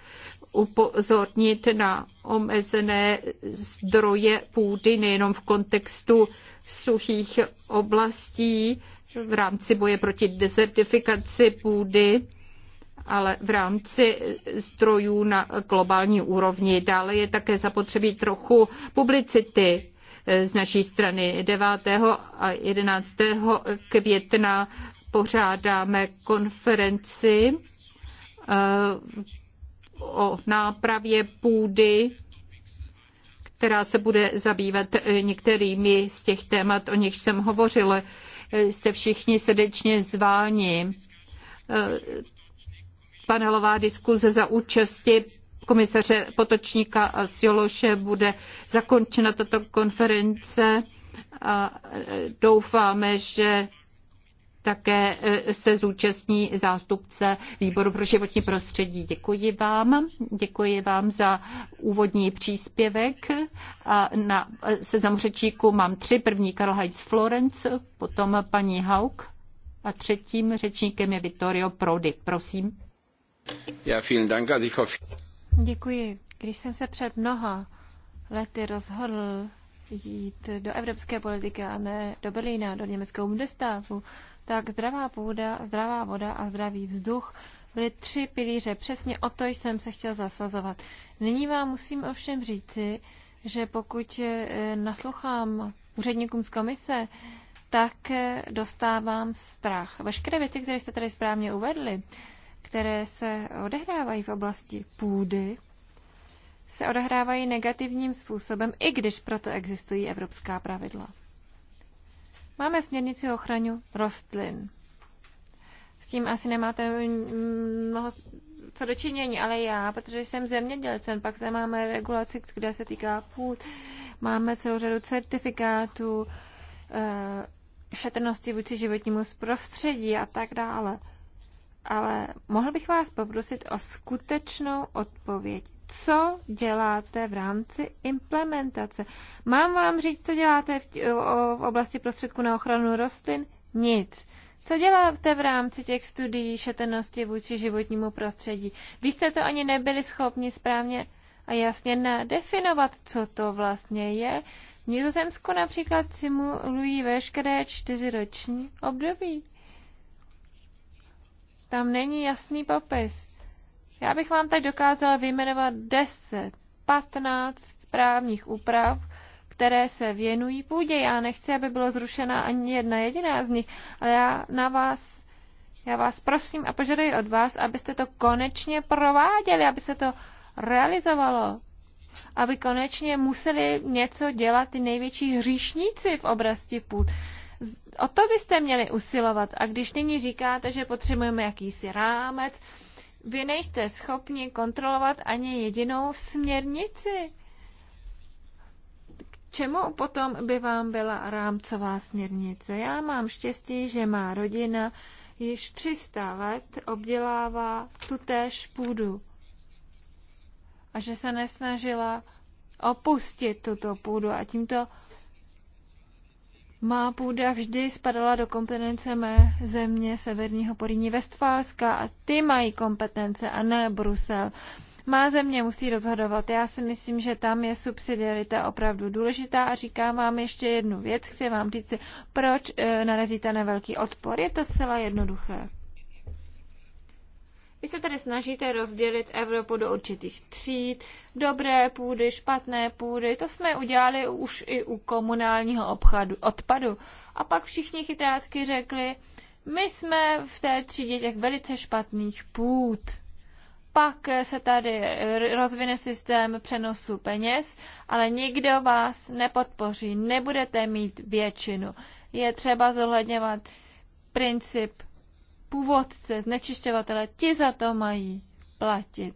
upozornit na omezené zdroje půdy nejenom v kontextu suchých oblastí v rámci boje proti dezertifikaci půdy, ale v rámci zdrojů na globální úrovni. Dále je také zapotřebí trochu publicity z naší strany 9. a 11. května pořádáme konferenci eh, o nápravě půdy, která se bude zabývat některými z těch témat, o nich jsem hovořil. Jste všichni srdečně zváni. Panelová diskuze za účasti komisaře Potočníka a Sjološe bude zakončena tato konference a doufáme, že také e, se zúčastní zástupce výboru pro životní prostředí. Děkuji vám, děkuji vám za úvodní příspěvek. A na seznamu řečníků mám tři. První Karl Heinz Florence, potom paní Haug a třetím řečníkem je Vittorio Prodi. Prosím. Já vielen Dank, Děkuji. Když jsem se před mnoha lety rozhodl jít do evropské politiky a ne do Berlína, do německého Bundestagu, tak zdravá půda, zdravá voda a zdravý vzduch byly tři pilíře. Přesně o to jsem se chtěl zasazovat. Nyní vám musím ovšem říci, že pokud eh, naslouchám úředníkům z komise, tak eh, dostávám strach. Veškeré věci, které jste tady správně uvedli, které se odehrávají v oblasti půdy, se odehrávají negativním způsobem, i když proto existují evropská pravidla. Máme směrnici o rostlin. S tím asi nemáte mnoho co dočinění, ale já, protože jsem zemědělec, pak zde máme regulaci, která se týká půd, máme celou řadu certifikátů, eh, šetrnosti vůči životnímu prostředí a tak dále. Ale mohl bych vás poprosit o skutečnou odpověď co děláte v rámci implementace. Mám vám říct, co děláte v, oblasti prostředku na ochranu rostlin? Nic. Co děláte v rámci těch studií šetrnosti vůči životnímu prostředí? Vy jste to ani nebyli schopni správně a jasně nadefinovat, co to vlastně je. V Nizozemsku například simulují veškeré čtyřiroční období. Tam není jasný popis. Já bych vám tak dokázala vyjmenovat 10, 15 právních úprav, které se věnují půdě. Já nechci, aby bylo zrušena ani jedna jediná z nich, ale já na vás, já vás prosím a požaduji od vás, abyste to konečně prováděli, aby se to realizovalo. Aby konečně museli něco dělat ty největší hříšníci v oblasti půd. O to byste měli usilovat. A když nyní říkáte, že potřebujeme jakýsi rámec, vy nejste schopni kontrolovat ani jedinou směrnici. K čemu potom by vám byla rámcová směrnice? Já mám štěstí, že má rodina již 300 let obdělává tutéž půdu a že se nesnažila opustit tuto půdu a tímto má půda vždy spadala do kompetence mé země Severního Poríní Vestfálska a ty mají kompetence a ne Brusel. Má země musí rozhodovat. Já si myslím, že tam je subsidiarita opravdu důležitá a říkám vám ještě jednu věc. Chci vám říct, proč eh, narazíte na velký odpor. Je to zcela jednoduché. Vy se tady snažíte rozdělit Evropu do určitých tříd, dobré půdy, špatné půdy, to jsme udělali už i u komunálního obchadu, odpadu. A pak všichni chytrácky řekli, my jsme v té třídě těch velice špatných půd. Pak se tady rozvine systém přenosu peněz, ale nikdo vás nepodpoří, nebudete mít většinu. Je třeba zohledňovat princip původce, znečišťovatele, ti za to mají platit.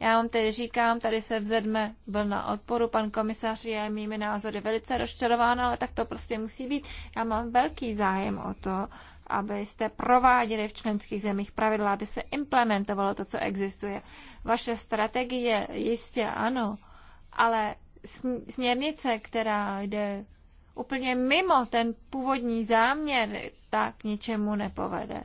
Já vám tedy říkám, tady se vzedme vlna odporu. Pan komisař je mými názory velice rozčarován, ale tak to prostě musí být. Já mám velký zájem o to, abyste prováděli v členských zemích pravidla, aby se implementovalo to, co existuje. Vaše strategie jistě ano, ale směrnice, která jde úplně mimo ten původní záměr, tak ničemu nepovede.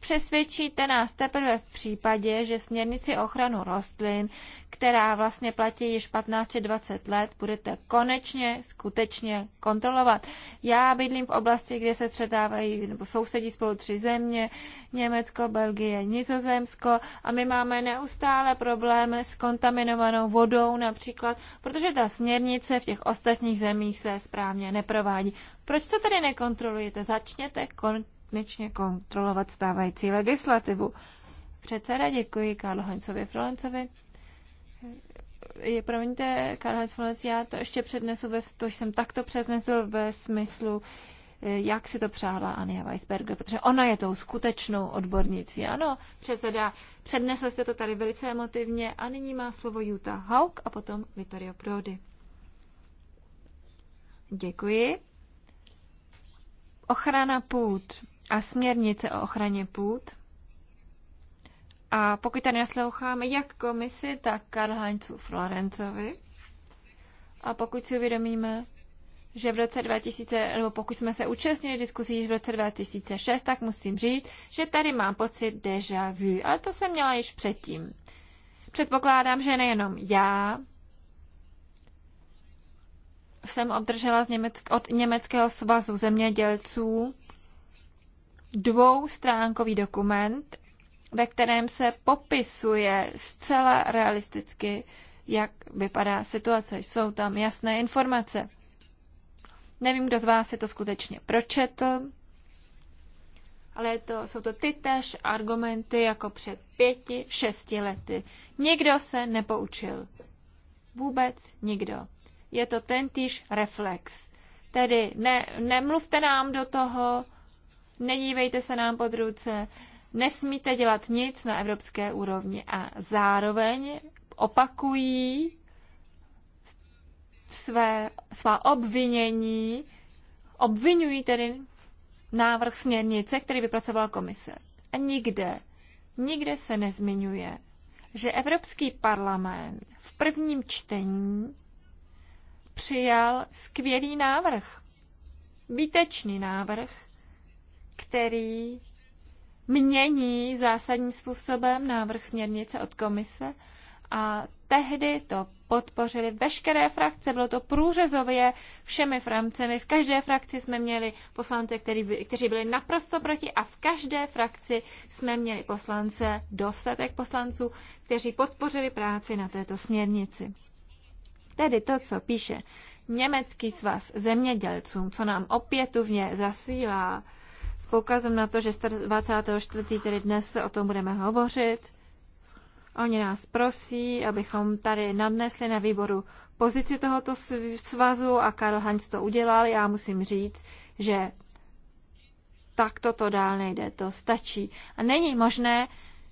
Přesvědčíte nás teprve v případě, že směrnici ochranu rostlin, která vlastně platí již 15 či 20 let, budete konečně, skutečně kontrolovat. Já bydlím v oblasti, kde se střetávají nebo sousedí spolu tři země, Německo, Belgie, Nizozemsko a my máme neustále problémy s kontaminovanou vodou například, protože ta směrnice v těch ostatních zemích se správně neprovádí. Proč to tedy nekontrolujete? Začněte kontrolovat konečně kontrolovat stávající legislativu. Předseda, děkuji Karlo Hoňcovi Frolencovi. Je, promiňte, Karlo Heinz Frolenc, já to ještě přednesu, ve, to jsem takto přednesl ve smyslu, eh, jak si to přáhla Ania Weisberger, protože ona je tou skutečnou odbornicí. Ano, předseda, přednesl jste to tady velice emotivně a nyní má slovo Juta. Hauk a potom Vittorio Prodi. Děkuji. Ochrana půd a směrnice o ochraně půd. A pokud tady nasloucháme jak komisi, tak Karl Heinzu Florencovi, a pokud si uvědomíme, že v roce 2000, nebo pokud jsme se účastnili diskusí v roce 2006, tak musím říct, že tady mám pocit déjà vu, ale to jsem měla již předtím. Předpokládám, že nejenom já jsem obdržela z Německ- od Německého svazu zemědělců dvoustránkový dokument, ve kterém se popisuje zcela realisticky, jak vypadá situace. Jsou tam jasné informace. Nevím, kdo z vás si to skutečně pročetl, ale to, jsou to ty tež argumenty jako před pěti, šesti lety. Nikdo se nepoučil. Vůbec nikdo. Je to tentýž reflex. Tedy ne, nemluvte nám do toho, nedívejte se nám pod ruce, nesmíte dělat nic na evropské úrovni a zároveň opakují své, svá obvinění, obvinují tedy návrh směrnice, který vypracovala komise. A nikde, nikde se nezmiňuje, že Evropský parlament v prvním čtení přijal skvělý návrh, výtečný návrh, který mění zásadním způsobem návrh směrnice od komise a tehdy to podpořili veškeré frakce, bylo to průřezově všemi frakcemi. V každé frakci jsme měli poslance, který, kteří byli naprosto proti a v každé frakci jsme měli poslance, dostatek poslanců, kteří podpořili práci na této směrnici. Tedy to, co píše Německý svaz zemědělcům, co nám opětovně zasílá s poukazem na to, že 24. tedy dnes o tom budeme hovořit. Oni nás prosí, abychom tady nadnesli na výboru pozici tohoto svazu a Karl Heinz to udělal. Já musím říct, že tak toto dál nejde, to stačí. A není možné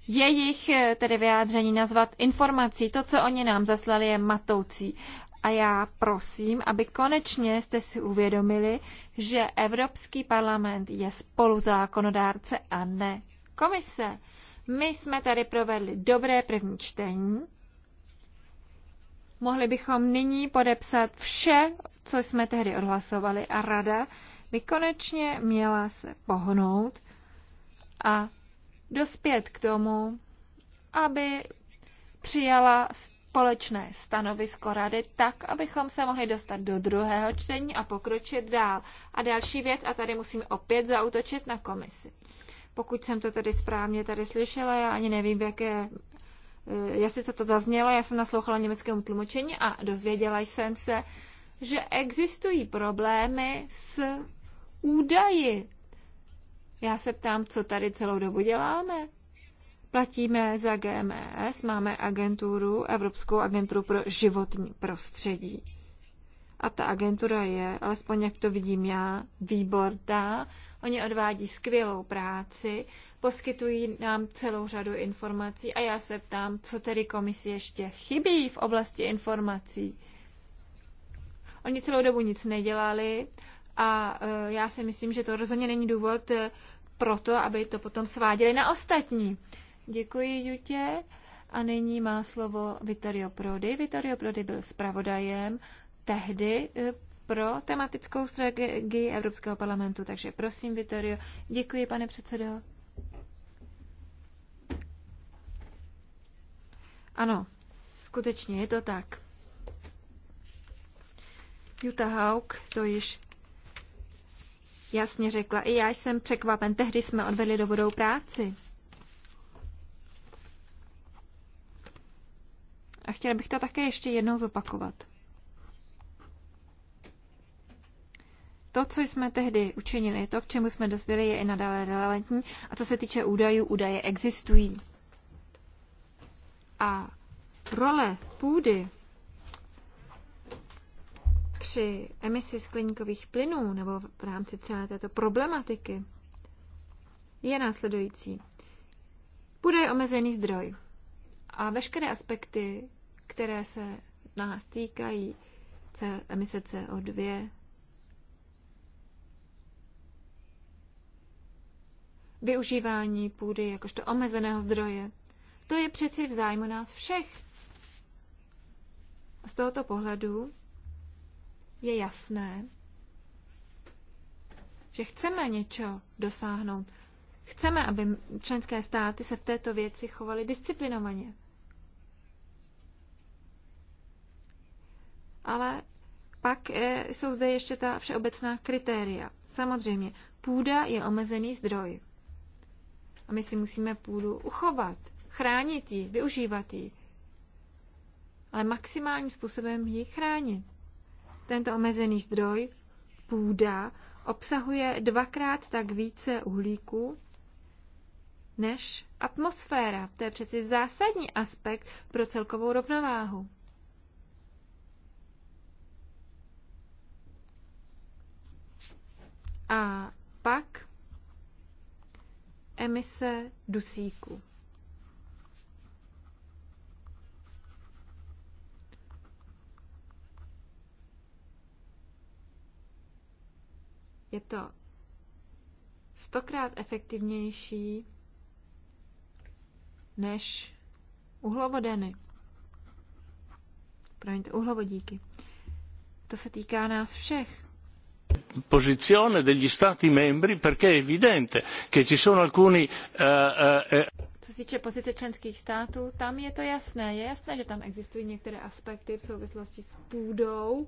jejich eh, tedy vyjádření nazvat informací. To, co oni nám zaslali, je matoucí. A já prosím, aby konečně jste si uvědomili, že Evropský parlament je spoluzákonodárce a ne komise. My jsme tady provedli dobré první čtení. Mohli bychom nyní podepsat vše, co jsme tehdy odhlasovali a rada by konečně měla se pohnout a dospět k tomu, aby přijala společné stanovisko rady tak, abychom se mohli dostat do druhého čtení a pokročit dál. A další věc, a tady musím opět zautočit na komisi. Pokud jsem to tady správně tady slyšela, já ani nevím, jaké eh, já sice to zaznělo, já jsem naslouchala německému tlumočení a dozvěděla jsem se, že existují problémy s údaji. Já se ptám, co tady celou dobu děláme. Platíme za GMS, máme agenturu, Evropskou agenturu pro životní prostředí. A ta agentura je, alespoň jak to vidím já, výborná. Oni odvádí skvělou práci, poskytují nám celou řadu informací a já se ptám, co tedy komisi ještě chybí v oblasti informací. Oni celou dobu nic nedělali a e, já si myslím, že to rozhodně není důvod e, pro to, aby to potom sváděli na ostatní. Děkuji, Jutě. A nyní má slovo Vittorio Prodi. Vittorio Prodi byl zpravodajem tehdy eh, pro tematickou strategii Evropského parlamentu. Takže prosím, Vittorio. Děkuji, pane předsedo. Ano, skutečně je to tak. Jutta Haug to již jasně řekla. I já jsem překvapen, tehdy jsme odvedli dobrou práci. A chtěla bych to také ještě jednou zopakovat. To, co jsme tehdy učinili, to, k čemu jsme dospěli, je i nadále relevantní. A co se týče údajů, údaje existují. A role půdy při emisi skleníkových plynů nebo v rámci celé této problematiky je následující. Půda je omezený zdroj a veškeré aspekty které se nás týkají, emise CO2, využívání půdy jakožto omezeného zdroje. To je přeci v zájmu nás všech. Z tohoto pohledu je jasné, že chceme něco dosáhnout. Chceme, aby členské státy se v této věci chovaly disciplinovaně. ale pak e, jsou zde ještě ta všeobecná kritéria. Samozřejmě, půda je omezený zdroj. A my si musíme půdu uchovat, chránit ji, využívat ji. Ale maximálním způsobem ji chránit. Tento omezený zdroj, půda, obsahuje dvakrát tak více uhlíku než atmosféra. To je přeci zásadní aspekt pro celkovou rovnováhu. A pak emise dusíku. Je to stokrát efektivnější než uhlovodeny. Promiňte, uhlovodíky. To se týká nás všech posizione degli stati membri perché è evidente che ci sono alcuni eh, eh, eh, co se týče pozice členských států, tam je to jasné. Je jasné, že tam existují některé aspekty v souvislosti s půdou,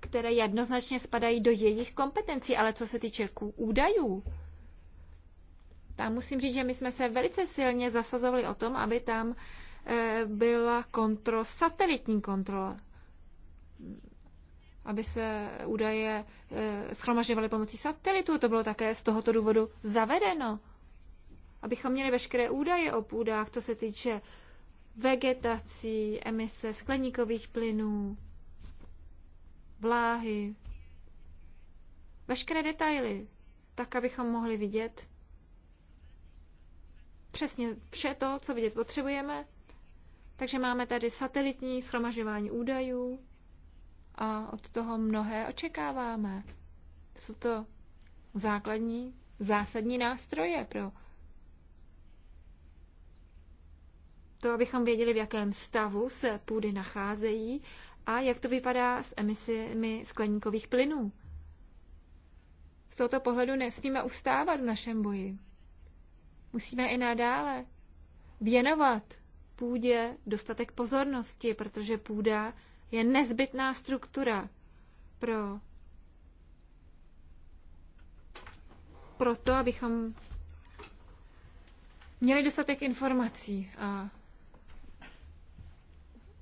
které jednoznačně spadají do jejich kompetencí, ale co se týče k údajů, tam musím říct, že my jsme se velice silně zasazovali o tom, aby tam byla kontrol, satelitní kontrola aby se údaje eh, schromažďovaly pomocí satelitu. To bylo také z tohoto důvodu zavedeno. Abychom měli veškeré údaje o půdách, co se týče vegetací, emise skleníkových plynů, vláhy, veškeré detaily, tak abychom mohli vidět přesně vše to, co vidět potřebujeme. Takže máme tady satelitní schromažďování údajů, a od toho mnohé očekáváme. Jsou to základní, zásadní nástroje pro to, abychom věděli, v jakém stavu se půdy nacházejí a jak to vypadá s emisemi skleníkových plynů. Z tohoto pohledu nesmíme ustávat v našem boji. Musíme i nadále věnovat půdě dostatek pozornosti, protože půda je nezbytná struktura pro proto, abychom měli dostatek informací a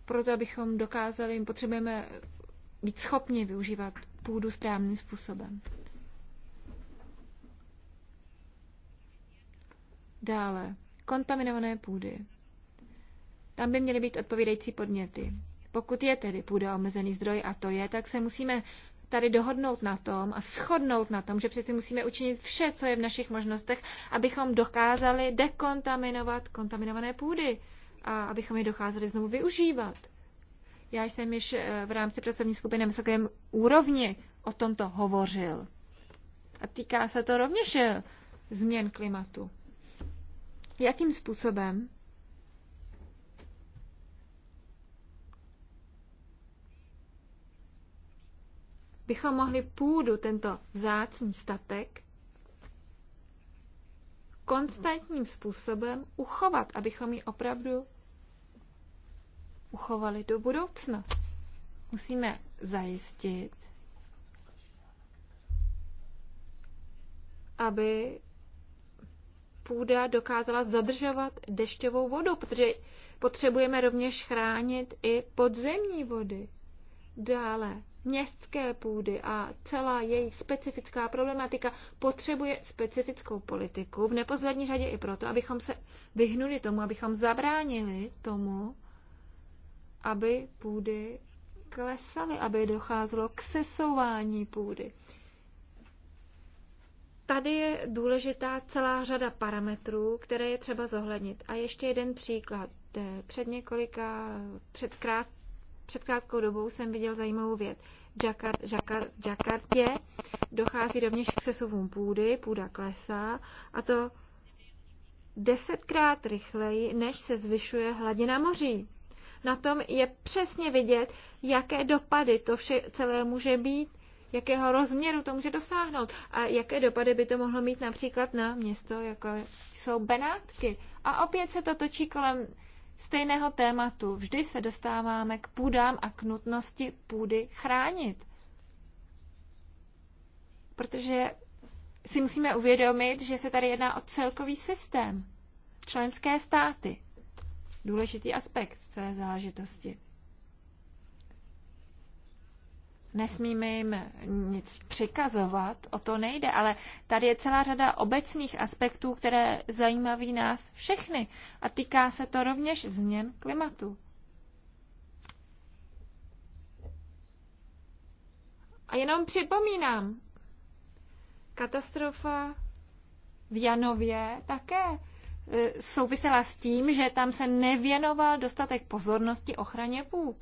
proto, abychom dokázali, potřebujeme být schopni využívat půdu správným způsobem. Dále, kontaminované půdy. Tam by měly být odpovídající podněty. Pokud je tedy půda omezený zdroj a to je, tak se musíme tady dohodnout na tom a shodnout na tom, že přeci musíme učinit vše, co je v našich možnostech, abychom dokázali dekontaminovat kontaminované půdy a abychom je dokázali znovu využívat. Já jsem již eh, v rámci pracovní skupiny na vysokém úrovni o tomto hovořil. A týká se to rovněž eh, změn klimatu. Jakým způsobem bychom mohli půdu, tento vzácný statek, konstantním způsobem uchovat, abychom ji opravdu uchovali do budoucna. Musíme zajistit, aby půda dokázala zadržovat dešťovou vodu, protože potřebujeme rovněž chránit i podzemní vody. Dále městské půdy a celá její specifická problematika potřebuje specifickou politiku, v neposlední řadě i proto, abychom se vyhnuli tomu, abychom zabránili tomu, aby půdy klesaly, aby docházelo k sesouvání půdy. Tady je důležitá celá řada parametrů, které je třeba zohlednit. A ještě jeden příklad. Před několika, před krát, před krátkou dobou jsem viděl zajímavou věc. Jakart, Jakart, Jakartě dochází rovněž k sesuvům půdy, půda klesá a to desetkrát rychleji, než se zvyšuje hladina moří. Na tom je přesně vidět, jaké dopady to vše celé může být, jakého rozměru to může dosáhnout a jaké dopady by to mohlo mít například na město, jako jsou Benátky. A opět se to točí kolem stejného tématu. Vždy se dostáváme k půdám a k nutnosti půdy chránit. Protože si musíme uvědomit, že se tady jedná o celkový systém. Členské státy. Důležitý aspekt v celé záležitosti. nesmíme jim nic přikazovat, o to nejde, ale tady je celá řada obecných aspektů, které zajímaví nás všechny a týká se to rovněž změn klimatu. A jenom připomínám, katastrofa v Janově také e, souvisela s tím, že tam se nevěnoval dostatek pozornosti ochraně půd.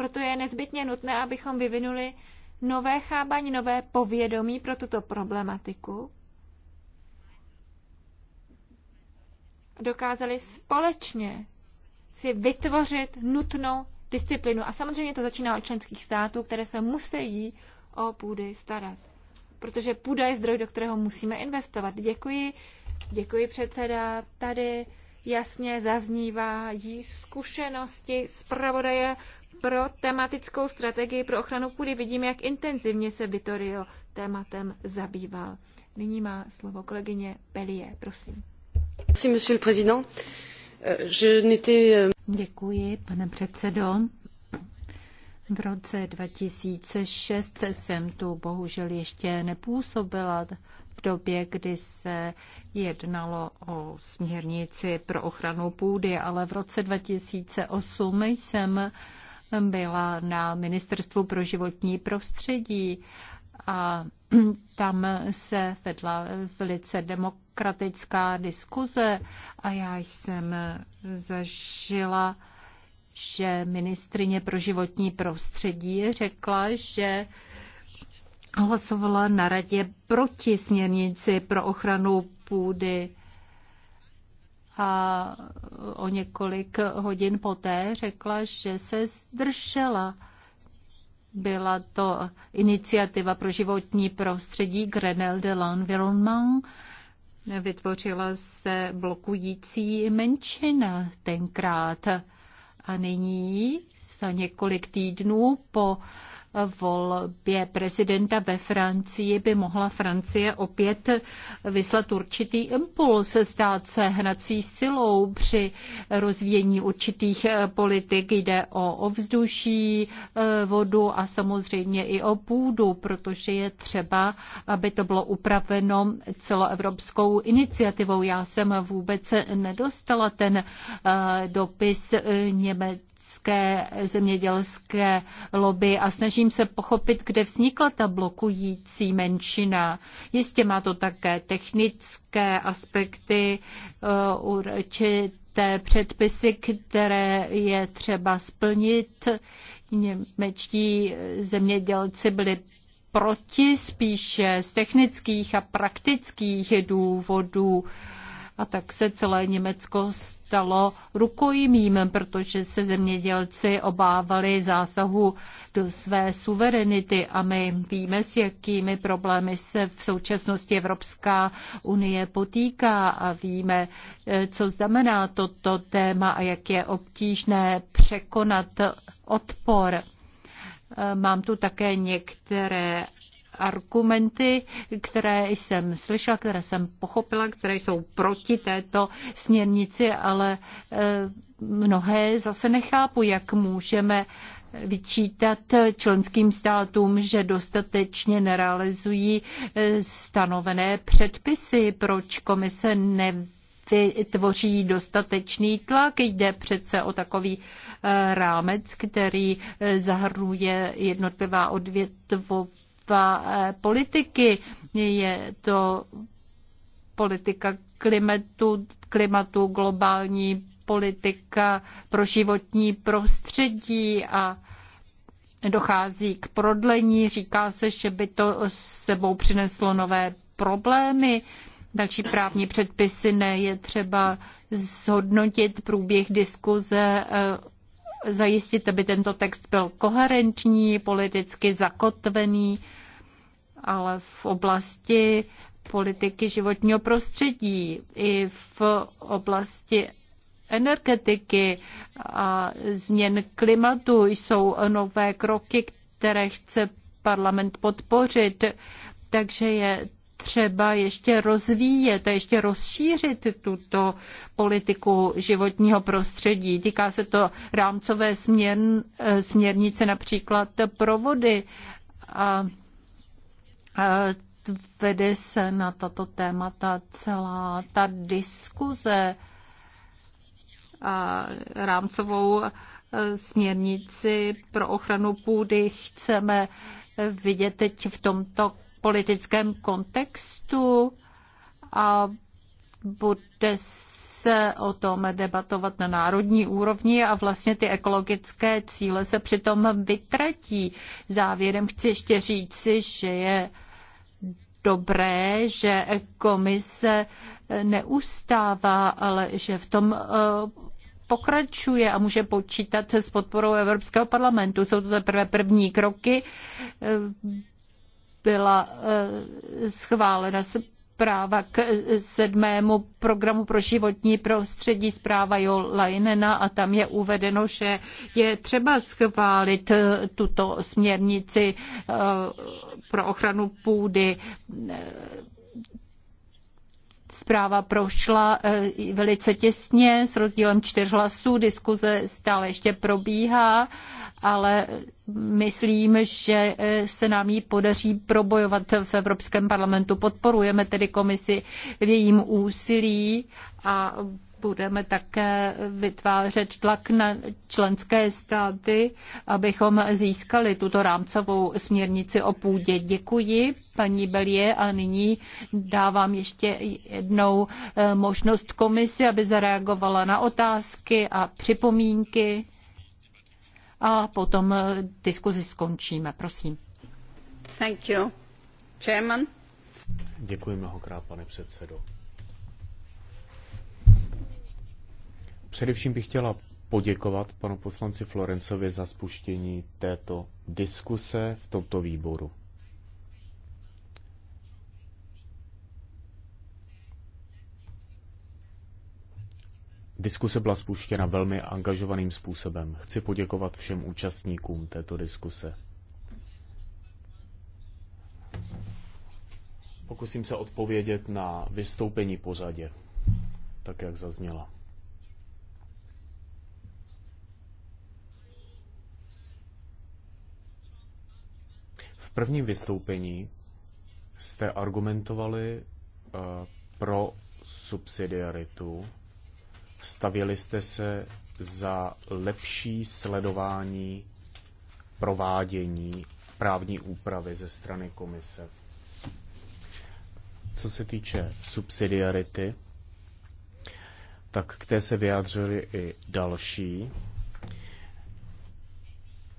Proto je nezbytně nutné, abychom vyvinuli nové chápaní, nové povědomí pro tuto problematiku. Dokázali společně si vytvořit nutnou disciplinu. A samozřejmě to začíná od členských států, které se musí o půdy starat. Protože půda je zdroj, do kterého musíme investovat. Děkuji, děkuji předseda. Tady jasně jí zkušenosti zpravodaje pro tematickou strategii pro ochranu půdy. Vidím, jak intenzivně se Vittorio tématem zabýval. Nyní má slovo kolegyně Pelie, prosím. Euh, euh, Děkuji, pane předsedo. V roce 2006 jsem tu bohužel ještě nepůsobila v době, kdy se jednalo o směrnici pro ochranu půdy, ale v roce 2008 jsem byla na Ministerstvu pro životní prostředí a tam se vedla velice demokratická diskuze a já jsem zažila, že ministrině pro životní prostředí řekla, že hlasovala na radě proti směrnici pro ochranu půdy a o několik hodin poté řekla, že se zdržela. Byla to iniciativa pro životní prostředí Grenelle de l'Environnement. Vytvořila se blokující menšina tenkrát. A nyní, za několik týdnů po uh, volbě prezidenta ve Francii by mohla Francie opět vyslat určitý impuls, stát se hnací silou při rozvíjení určitých politik. Jde o ovzduší, vodu a samozřejmě i o půdu, protože je třeba, aby to bylo upraveno celoevropskou iniciativou. Já jsem vůbec nedostala ten dopis Němec německé zemědělské lobby a snažím se pochopit, kde vznikla ta blokující menšina. Jistě má to také technické aspekty, eh, určité předpisy, které je třeba splnit. Němečtí zemědělci byli proti spíše z technických a praktických důvodů. A tak se celé Německo stalo rukojmím, protože se zemědělci obávali zásahu do své suverenity a my víme, s jakými problémy se v současnosti Evropská unie potýká a víme, eh, co znamená toto téma a jak je obtížné překonat odpor. Eh, mám tu také některé argumenty, které jsem slyšela, které jsem pochopila, které jsou proti této směrnici, ale eh, mnohé zase nechápu, jak můžeme vyčítat členským státům, že dostatečně nerealizují eh, stanovené předpisy, proč komise ne tvoří dostatečný tlak. Jde přece o takový eh, rámec, který zahrnuje jednotlivá odvětvová lidstva, eh, politiky. Je to politika klimatu, klimatu globální politika pro životní prostředí a dochází k prodlení. Říká se, že by to s sebou přineslo nové problémy. Další právní předpisy ne, je třeba zhodnotit průběh diskuze, eh, zajistit, aby tento text byl koherentní, politicky zakotvený ale v oblasti politiky životního prostředí i v oblasti energetiky a změn klimatu jsou nové kroky, které chce parlament podpořit. Takže je třeba ještě rozvíjet a ještě rozšířit tuto politiku životního prostředí. Týká se to rámcové směr, směrnice například vody. a Eh, vede se na tato témata celá ta diskuze a rámcovou eh, směrnici pro ochranu půdy chceme vidět teď v tomto politickém kontextu a bude se o tom debatovat na národní úrovni a vlastně ty ekologické cíle se přitom vytratí. Závěrem chci ještě říci, že je dobré, že komise neustává, ale že v tom eh, pokračuje a může počítat s podporou Evropského parlamentu. Jsou to teprve první kroky. Eh, byla eh, schválena zpráva k sedmému programu pro životní prostředí, zpráva Jo Leinena a tam je uvedeno, že je třeba schválit eh, tuto směrnici eh, pro ochranu půdy eh, zpráva prošla velice těsně s rozdílem čtyř hlasů, diskuze stále ještě probíhá ale myslím, že eh, se nám ji podaří probojovat v Evropském parlamentu. Podporujeme tedy komisi v jejím úsilí a budeme také vytvářet tlak na členské státy, abychom získali tuto rámcovou směrnici o půdě. Děkuji, paní Belie, a nyní dávám ještě jednou eh, možnost komisi, aby zareagovala na otázky a připomínky a potom eh, diskuzi skončíme. Prosím. Thank you. Chairman. Děkuji mnohokrát, pane předsedo. Především bych chtěla poděkovat panu poslanci Florencovi za spuštění této diskuse v tomto výboru. Diskuse byla spuštěna velmi angažovaným způsobem. Chci poděkovat všem účastníkům této diskuse. Pokusím se odpovědět na vystoupení pořadě, tak jak zazněla. V prvním vystoupení jste argumentovali eh, pro subsidiaritu Stavěli jste se za lepší sledování provádění právní úpravy ze strany komise. Co se týče subsidiarity, tak k té se vyjádřili i další.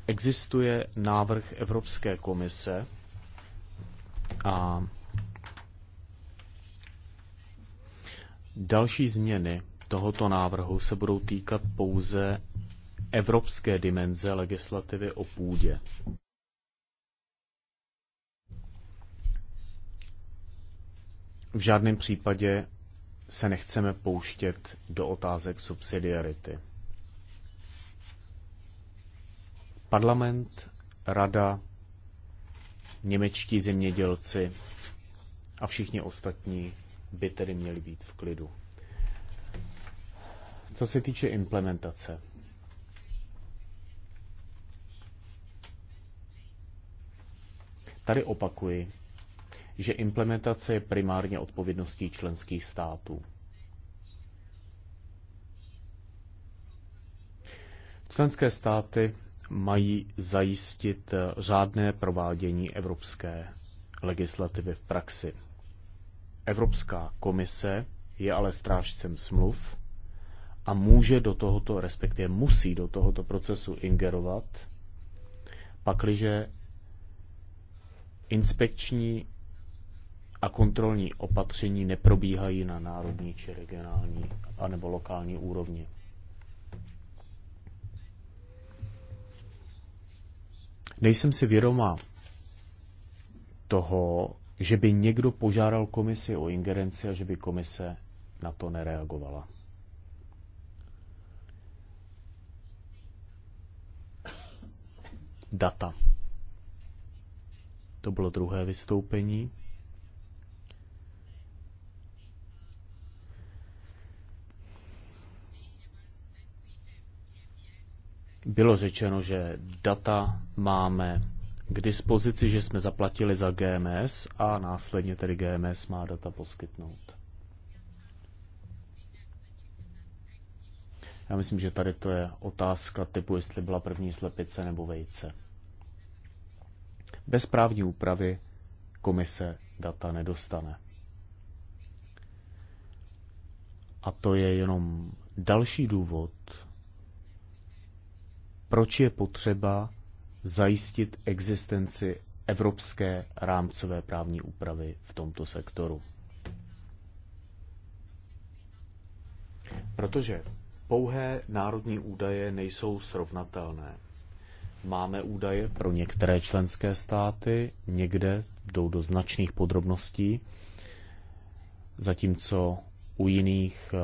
Existuje návrh Evropské komise a další změny tohoto návrhu se budou týkat pouze evropské dimenze legislativy o půdě. V žádném případě se nechceme pouštět do otázek subsidiarity. Parlament, rada, němečtí zemědělci a všichni ostatní by tedy měli být v klidu. Co se týče implementace, tady opakuji, že implementace je primárně odpovědností členských států. Členské státy mají zajistit řádné provádění evropské legislativy v praxi. Evropská komise je ale strážcem smluv a může do tohoto, respektive musí do tohoto procesu ingerovat, pakliže inspekční a kontrolní opatření neprobíhají na národní či regionální anebo lokální úrovni. Nejsem si vědoma toho, že by někdo požádal komisi o ingerenci a že by komise na to nereagovala. data. To bylo druhé vystoupení. Bylo řečeno, že data máme k dispozici, že jsme zaplatili za GMS a následně tedy GMS má data poskytnout. Já myslím, že tady to je otázka typu, jestli byla první slepice nebo vejce. Bez právní úpravy komise data nedostane. A to je jenom další důvod, proč je potřeba zajistit existenci evropské rámcové právní úpravy v tomto sektoru. Protože Pouhé národní údaje nejsou srovnatelné. Máme údaje pro některé členské státy, někde jdou do značných podrobností, zatímco u jiných eh,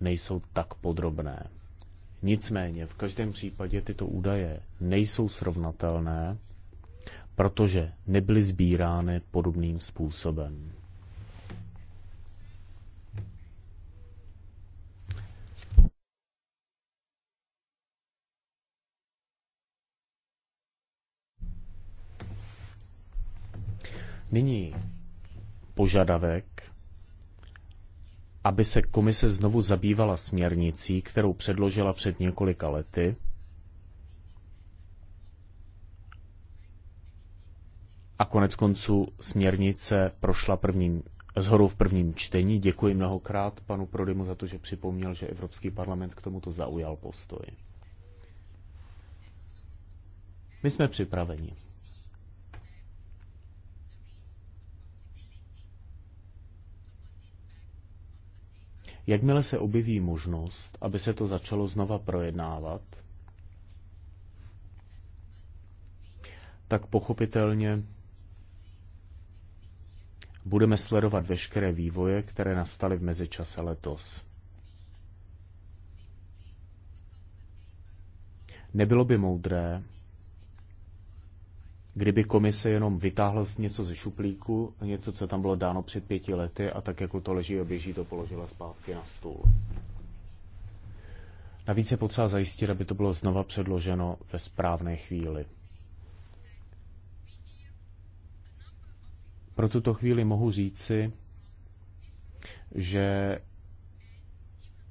nejsou tak podrobné. Nicméně v každém případě tyto údaje nejsou srovnatelné, protože nebyly sbírány podobným způsobem. Nyní požadavek, aby se komise znovu zabývala směrnicí, kterou předložila před několika lety, a konec konců směrnice prošla prvním zhoru v prvním čtení. Děkuji mnohokrát panu Prodymu za to, že připomněl, že Evropský parlament k tomuto zaujal postoj. My jsme připraveni. Jakmile se objeví možnost, aby se to začalo znova projednávat, tak pochopitelně budeme sledovat veškeré vývoje, které nastaly v mezičase letos. Nebylo by moudré kdyby komise jenom vytáhla něco ze šuplíku, něco, co tam bylo dáno před pěti lety a tak jako to leží a běží, to položila zpátky na stůl. Navíc je potřeba zajistit, aby to bylo znova předloženo ve správné chvíli. Pro tuto chvíli mohu říci, že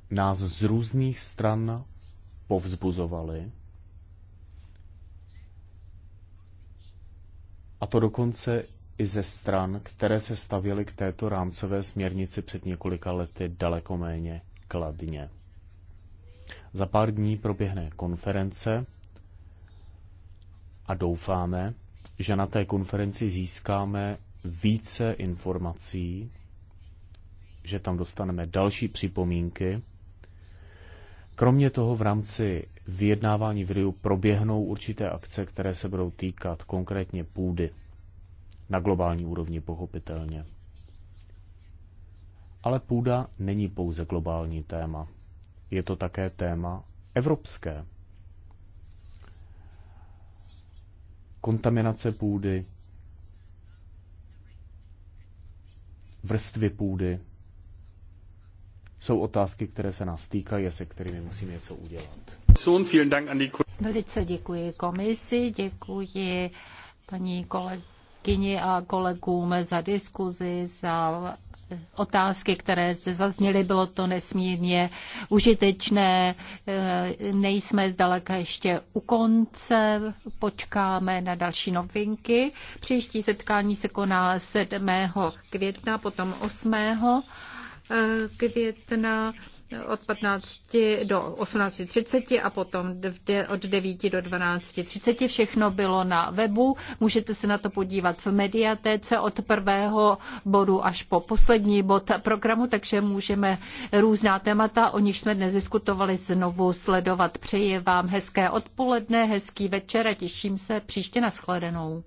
nás z různých stran povzbuzovali, A to dokonce i ze stran, které se stavěly k této rámcové směrnici před několika lety daleko méně kladně. Za pár dní proběhne konference a doufáme, že na té konferenci získáme více informací, že tam dostaneme další připomínky. Kromě toho v rámci vyjednávání v Riu proběhnou určité akce, které se budou týkat konkrétně půdy. Na globální úrovni pochopitelně. Ale půda není pouze globální téma. Je to také téma evropské. Kontaminace půdy, vrstvy půdy, jsou otázky, které se nás týkají a se kterými musíme něco udělat. Velice děkuji komisi, děkuji paní kolegyni a kolegům za diskuzi, za otázky, které zde zazněly, bylo to nesmírně užitečné. Eh, nejsme zdaleka ještě u konce, počkáme na další novinky. Příští setkání se koná 7. května, potom 8 května od 15 do 18.30 a potom od 9 do 12.30. Všechno bylo na webu. Můžete se na to podívat v mediatéce od prvého bodu až po poslední bod programu, takže můžeme různá témata, o nich jsme dnes diskutovali, znovu sledovat. Přeji vám hezké odpoledne, hezký večer a těším se příště na shledanou.